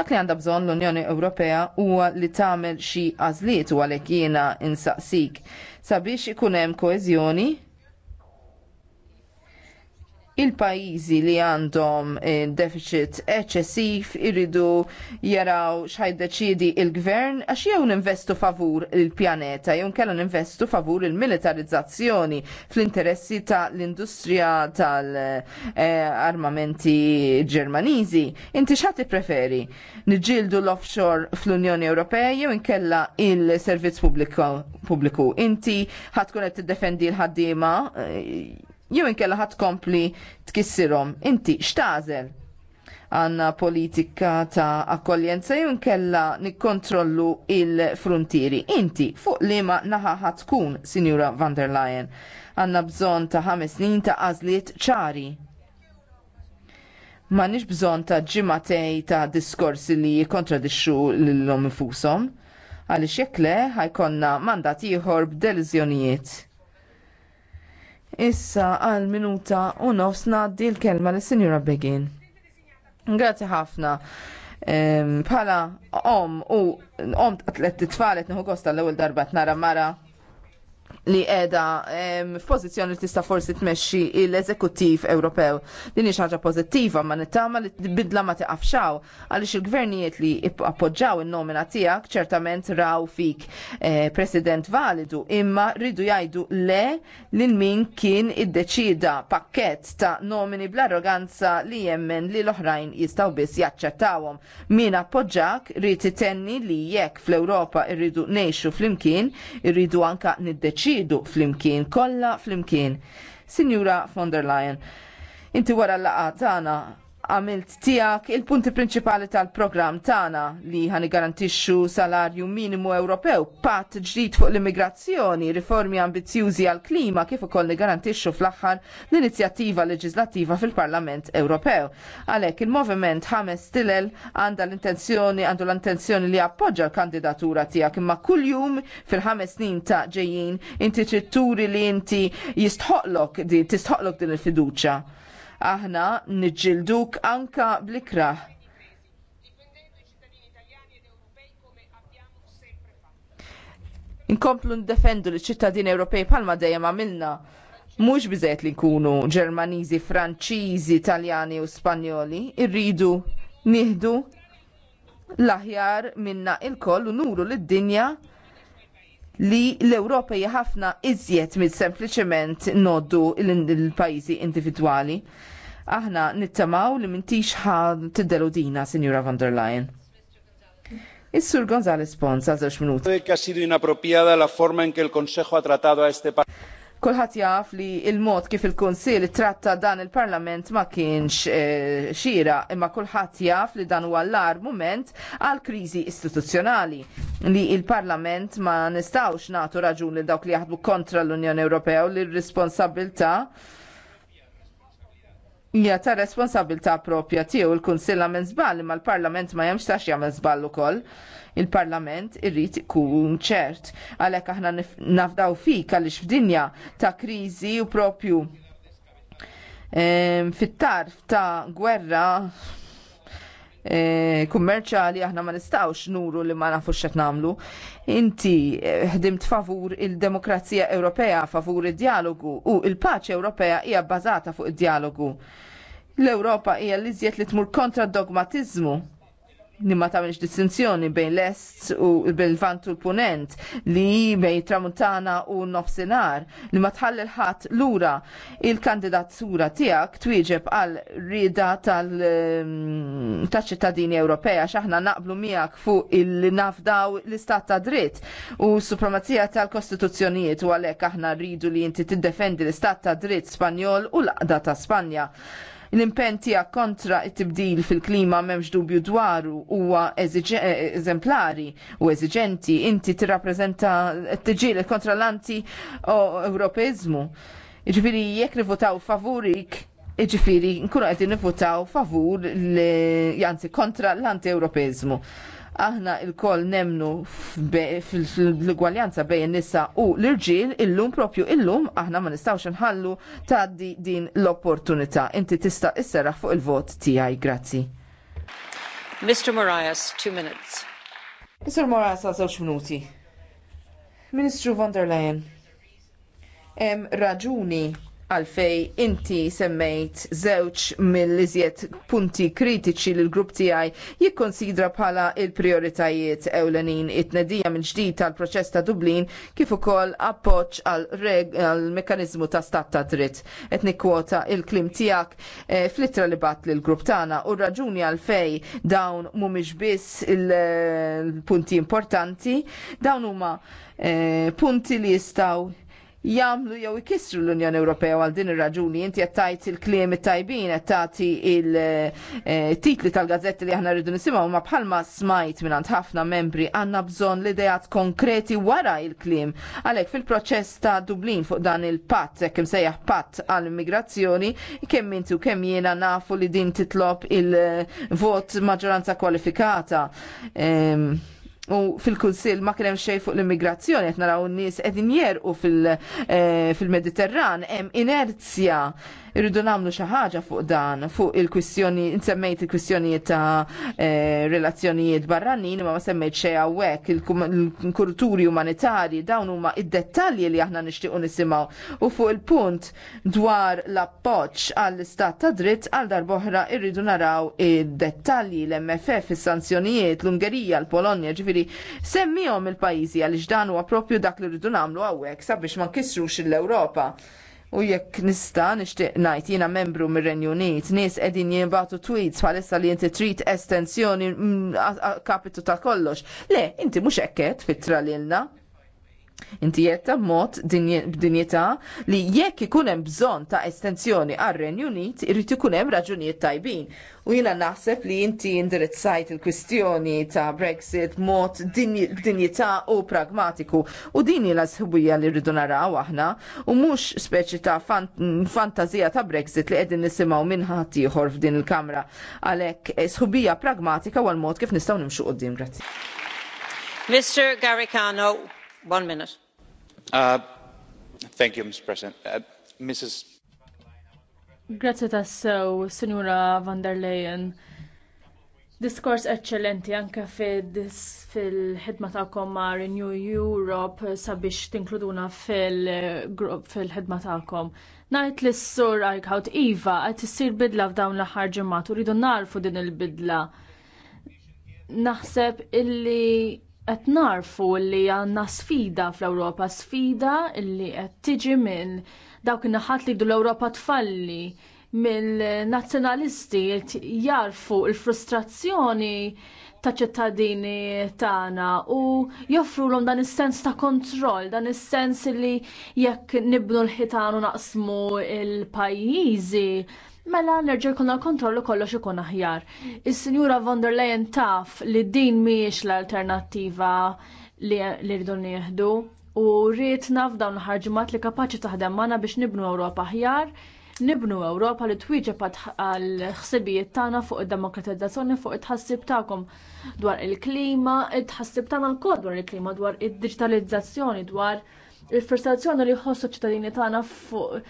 Dak li għandha bżonn l-Unjoni Ewropea huwa li tagħmel xi għażliet u għalhekk jiena insaqsik sabiex ikun hemm koeżjoni il-pajizi li għandhom eh, deficit eċessiv iridu jaraw xħajdeċidi il-gvern għax jew ninvestu favur il-pjaneta, jew nkella ninvestu favur il-militarizzazzjoni fl-interessi ta' l-industrija tal-armamenti ġermaniżi. Inti xati preferi? Nġildu l-offshore fl-Unjoni Ewropea jew nkella il-servizz pubbliku? Inti ħatkun qed tiddefendi l-ħaddiema eh, jew inkella ħadd kompli tkissirhom. Inti x'tażel? għanna politika ta' akkoljenza jew inkella nikkontrollu il-frontieri. Inti fuq liema naħa tkun, Sinjura van der Leyen, għanna bżon ta' ħames snin ta' għażliet ċari. Ma nix bżon ta' ġimatej ta' diskorsi li kontradixxu l-lom fusom għaliex jekk le ħajkonna mandat ieħor b'deliżjonijiet Issa għal minuta u nofs naddi l-kelma lis sinjura Begin. Grazzi ħafna. Bħala om u om t-tfalet nħu gosta l-ewel darba t-nara mara li edha f'pożizzjoni li tista' forsi tmexxi l-Eżekuttiv Ewropew. Din hija ħaġa pożittiva ma nittama li bidla ma tiqafxaw għaliex il-gvernijiet li appoġġaw in-nomina tiegħek ċertament raw fik eh, president validu imma rridu jgħidu le lil min kien iddeċida pakkett ta' nomini bl-arroganza li jemmen li l-oħrajn jistgħu biss jaċċettawhom. Min appoġġak rrid itenni li jekk fl-Ewropa rridu ngħixu flimkien, irridu anka niddeċidu nġildu flimkien, kollha flimkien. Sinjura von der Leyen, inti wara l-laqa tagħna għamilt tijak il-punti prinċipali tal-program tana li ħani garantixxu salarju minimu Ewropew, pat ġdid fuq l-immigrazzjoni, riformi ambizjużi għal-klima kif ukoll garantixxu fl-aħħar l-inizjattiva leġislattiva fil-Parlament Ewropew. Għalhekk il-Moviment Ħames Tilel għandha l-intenzjoni għandu l-intenzjoni li appoġġa l-kandidatura tijak imma kuljum fil-ħames snin ta' ġejjin inti ċitturi li inti jistħoqlok din tistħoqlok din il-fiduċa aħna nġilduk anka blikrah. Inkomplu ndefendu li ċittadini Ewropej palma dejjem għamilna. Mhux biżejt li nkunu Ġermaniżi, Franċiżi, Italjani u Spanjoli, irridu nieħdu l-aħjar minna il-koll u nuru lid dinja li l-Ewropa ħafna iżjed mill sempliċement noddu l-pajjiżi individwali. Aħna nittamaw li mintix ħad tiddelu dina, Sinjura von der Leyen. Is-Sur Gonzales Pons, għal minuti. minuti. inapropiada la forma in Consejo ha a este Kulħadd jaf li il-mod kif il konsil tratta dan il-Parlament ma kienx eh, xira, imma kulħadd jaf li dan huwa l-ar moment għal kriżi istituzzjonali li il-Parlament ma nistawx nagħtu raġun li dawk li jaħdmu kontra l-Unjoni Ewropea u li r-responsabilta hija ta' responsabilità propja tiegħu il-Kunsill għamel żball imma l-Parlament ma jemx tax jagħmel żball ukoll. Il-Parlament irrid ikun ċert għalhekk aħna nafdaw fik għaliex f'dinja ta' kriżi u propju fit-tarf ta' gwerra E, kummerċali aħna ma nistawx nuru li ma nafux xet namlu. Inti e, ħdimt favur il-demokrazija Ewropea, favur il-dialogu u il-paċi Ewropea hija bbażata fuq il-dialogu. L-Ewropa hija li li tmur kontra dogmatizmu nimma tagħmilx distinzjoni bejn l-est u bejn l-vant u l-punent li bejn tramuntana u nofsinar li ma tħallil ħadd lura il-kandidatura tiegħek twieġeb għal rieda tal-ċittadini ehm, Ewropea x'aħna naqblu miegħek fuq il-nafdaw l-istat ta' dritt u supremazija tal-kostituzzjonijiet u għalhekk aħna rridu li inti tiddefendi l-istat ta' dritt Spanjol u l-qda ta' Spanja. L-impenn tiegħek kontra t tibdil fil-klima m'hemmx dubju dwaru huwa eżemplari u eżġenti, Inti tirrappreżenta t-tiġiel kontra l anti europeizmu iġifiri jekk nifutaw favurik Iġifiri, nkunu għedin nifutaw favur, janzi kontra l-anti-Europeizmu. Aħna il-koll nemnu fil-gwaljanza bejn nisa u l-irġiel illum propju illum aħna ma nistawx nħallu taddi din l-opportunità. Inti tista' isseraħ fuq il-vot tiegħi. Grazzi. Mr. Marias, two minutes. Mr. Marias, għal żewġ minuti. Ministru von der Leyen, hemm raġuni għalfej inti semmejt żewġ mill-iżjed punti kritiċi li l-grupp tiegħi jikkonsidra bħala il-prioritajiet ewlenin it-tnedija minn ġdid tal-proċess ta' Dublin kif ukoll appoġġ għal mekkaniżmu ta' stat ta' dritt. Qed nikkwota il-klim tiegħek eh, flittra li bat lill grupp tagħna u raġuni għalfej dawn mhumiex biss il-punti eh, importanti, dawn huma eh, punti li jistgħu Jamlu jew ikissru l-Unjoni Ewropea għal din ir-raġuni. Inti qed tajt il-kliem it-tajbin qed tagħti il-titli eh, tal-gazzetti li aħna rridu nisimgħu ma bħalma smajt mingħand ħafna membri għandna bżonn l-idejat konkreti wara il-kliem. Għalhekk fil-proċess ta' Dublin fuq dan il-patt hekk imsejjaħ patt għall-immigrazzjoni kemm inti u kemm jiena nafu li din titlob il-vot maġġoranza kwalifikata. Ehm, u fil-Kunsil ma kienem xej fuq l-immigrazzjoni, qed naraw n-nies qegħdin jerqu eh, fil-Mediterran, hemm inerzja irridu nagħmlu xi ħaġa fuq dan, fuq il-kwistjoni, insemmejt il-kwistjonijiet ta' eh, relazzjonijiet barranin, ma ma semmejt xej hawnhekk il-kulturi umanitarji, dawn huma id-dettalji li aħna nixtiequ nisimgħu u fuq il-punt dwar l-appoġġ għall-istat ta' dritt għal darboħra irridu naraw id-dettalji l-MFF, is-sanzjonijiet, l-Ungerija, l-Polonja, ġifieri semmihom il-pajjiżi għaliex dan huwa propju dak li rridu nagħmlu hawnhekk sabiex ma nkissrux l-Ewropa. U jekk nista nixtieq ngħid jiena membru mir-Renju Unit, nies qegħdin jinbatu tweets bħalissa li inti trid estensjoni mm, kapitu ta' kollox. Le, inti mhux hekk qed fit lilna. Inti jetta mod b'dinjità li jekk ikun hemm bżonn ta' estensjoni għar-Renju Unit irid ikun hemm raġunijiet tajbin. U jiena naħseb li inti indirizzajt il-kwistjoni ta' Brexit mod dinjeta u pragmatiku u din hija l-sħubija li rridu naraw aħna u mhux speċi ta' fantazija ta' Brexit li qegħdin nisimgħu minn ħadd ieħor f'din il-Kamra. Għalhekk eh, sħubija pragmatika għal mod kif nistgħu nimxu qudiem. Grazzi. Mr. Garicano, Uh, thank you, President. Uh, Mrs. Grazie tassew, Sinjura von der Leyen. Diskors eċċellenti anke fil-ħidma tagħkom ma' Renew Europe sabiex tinkluduna fil ħidma tagħkom. Ngħid li s-sur Eichhout Iva qed issir bidla f'dawn l-aħħar ġimgħat u rridu narfu din il-bidla. Naħseb illi qed narfu li għandna sfida fl-Ewropa, sfida li qed tiġi minn dawk in-naħat li jdu l-Ewropa tfalli mill-nazzjonalisti jarfu l frustrazzjoni ta' ċittadini tagħna u lhom dan is-sens ta' kontroll, dan is-sens li jekk nibnu l-ħitan u naqsmu l pajjiżi mela nerġa' jkun kontrollu kollox ikun aħjar. Is-Sinjura von der Leyen taf li din mhijiex l-alternattiva li rridu nieħdu u naf dawn ħarġimat li kapaċi taħdem magħna biex nibnu Ewropa aħjar, nibnu Ewropa li twieġeb għal ħsibijiet tagħna fuq id-demokratizzazzjoni fuq it-tħassib tagħkom dwar il-klima, it-tħassib tagħna l dwar il-klima, dwar id-diġitalizzazzjoni, dwar il-frustrazzjoni li jħossu ċittadini tagħna fuq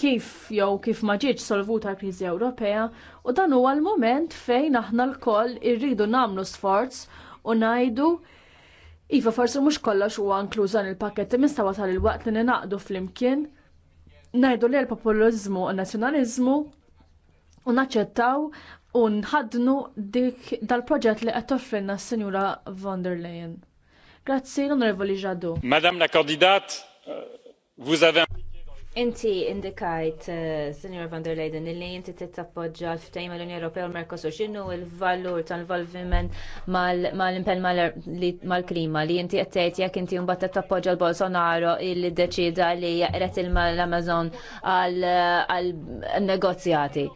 kif jew kif ma ġietx solvuta l-kriżi Ewropea u dan huwa l-mument fejn aħna lkoll irridu nagħmlu sforz u ngħidu iva forsi mhux kollox huwa inkluż nil pakketti mistawa tal il-waqt li ninaqdu flimkien ngħidu li l-populiżmu u n-nazzjonaliżmu u naċċettaw u nħadnu dik dal-proġett li qed toffrilna s-Sinjura von der Leyen. Grazzi l-Onorevoli Jadu. Madame la candidate, euh, vous avez Inti indikajt, eh, Sinjor van der Leyden, illi inti tittappoġġa l-ftejma l-Unjoni Ewropea u l-Merkosur x'inhu l-valur tal-involviment mal-impenn mal-klima li inti qed tgħid jekk inti t tappoġġa l-Bolsonaro illi ddeċida li jaqret l-Amazon għal negozjati.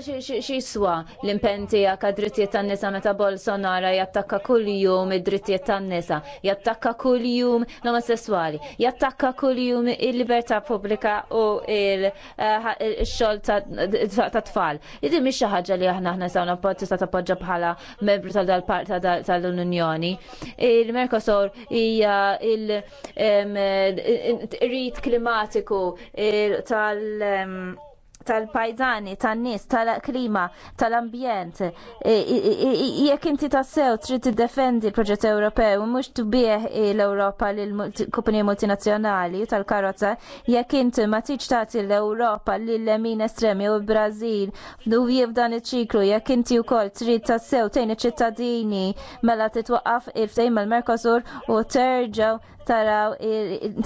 X'iswa l-impenn tiegħek għad-drittijiet tan-nisa meta Bolsonaro jattakka kuljum id-drittijiet tan-nisa, jattakka kuljum l-omosessuali, jattakka kuljum il-libertà pubblika riċerka u il-xol eh, ta' tfal. Idi mi ħaġa li aħna ħna sawna tista' tappoġġa bħala membru tal-Unjoni. Il-Mercosur hija il-rit klimatiku tal- tal-pajdani, tan-nies, tal-klima, tal-ambjent. Jekk inti tassew trid tiddefendi l-proġett Ewropew u mhux tbieħ l-Ewropa lil kumpaniji multinazzjonali tal-karozza, jekk inti ma tiġ tagħti l-Ewropa lil lemin estremi u l-Brażil u dan iċ-ċiklu jekk inti wkoll trid tassew tejn iċ-ċittadini mela titwaqqaf il-ftehim mal-Merkosur u terġgħu taraw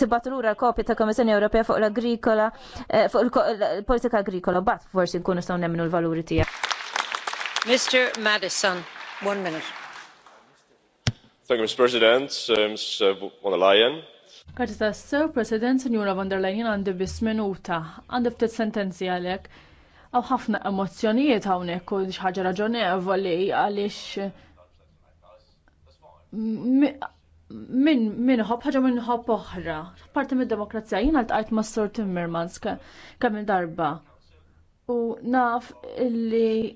tibgħat lura kopja ta' Komissjoni Ewropea fuq l-agrikola eh, fuq l politika agrikola bat forsi nkunu staw nemmenu l-valuri tiegħek. Mr. Madison, one minute. Thank you, Mr. President, uh, Ms. von der Leyen. Kati ta' Sir President Signora von der Leyen għandi bis minuta, għandi ftit sentenzi għalek. Għaw ħafna emozjonijiet għawnek u xi ħaġa raġonevoli għaliex minn minħob ħaġa minħob oħra. Parti mid-demokrazija jiena ltqajt ma' Sur Timmermans kemm darba. U naf illi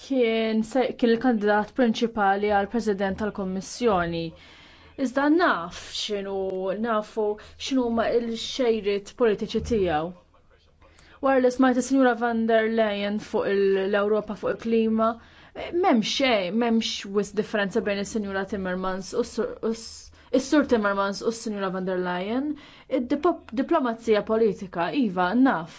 kien kien il-kandidat prinċipali għal President tal-Kommissjoni. Iżda naf x'inhu nafu x'inhu ma l-xejrit politiċi tiegħu. Wara li smajt is van der Leyen fuq l europa fuq il il ewropa fuq il klima M'hemm xejn, m'hemmx wis differenza bejn is-Sinjura Timmermans u s-Sur Timmermans u s-Sinjura van der Leyen, id-diplomazija politika iva naf.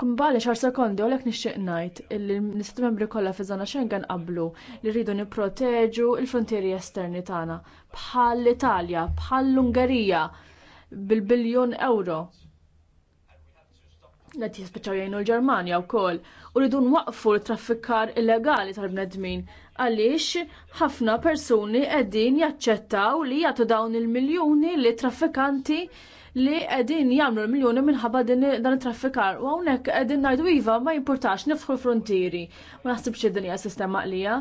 Kumbali xar sekondi u l-ek nixtieq ngħid l-Istati Membri kollha fi Zona Schengen qablu li rridu nipproteġu l-frontieri esterni tagħna bħal l-Italja, bħal l-Ungerija bil-biljun euro Għet jispeċaw jajnu l ġermanja wkoll kol. U rridu nwaqfu l-traffikar illegali tal-bnedmin. Għalix, ħafna persuni għedin jaċċettaw li jagħtu dawn il-miljoni li traffikanti li għedin jagħmlu l-miljoni minħabba din dan traffikar. U għonek għedin najdu iva ma jimportax nifħu l-frontieri. Ma naħsibx din hija sistema għalija.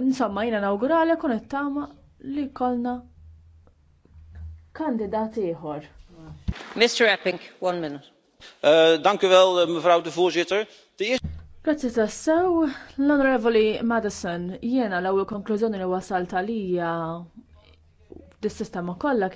Insomma, jina nawguralek u nittama li kolna kandidati ieħor. Mr. Epping, one minute. Eh, eh, Grazie tassew, l-Onorevoli Madison, jiena l-ewwel konklużjoni li wasalt għalija dis-sistema kollha kien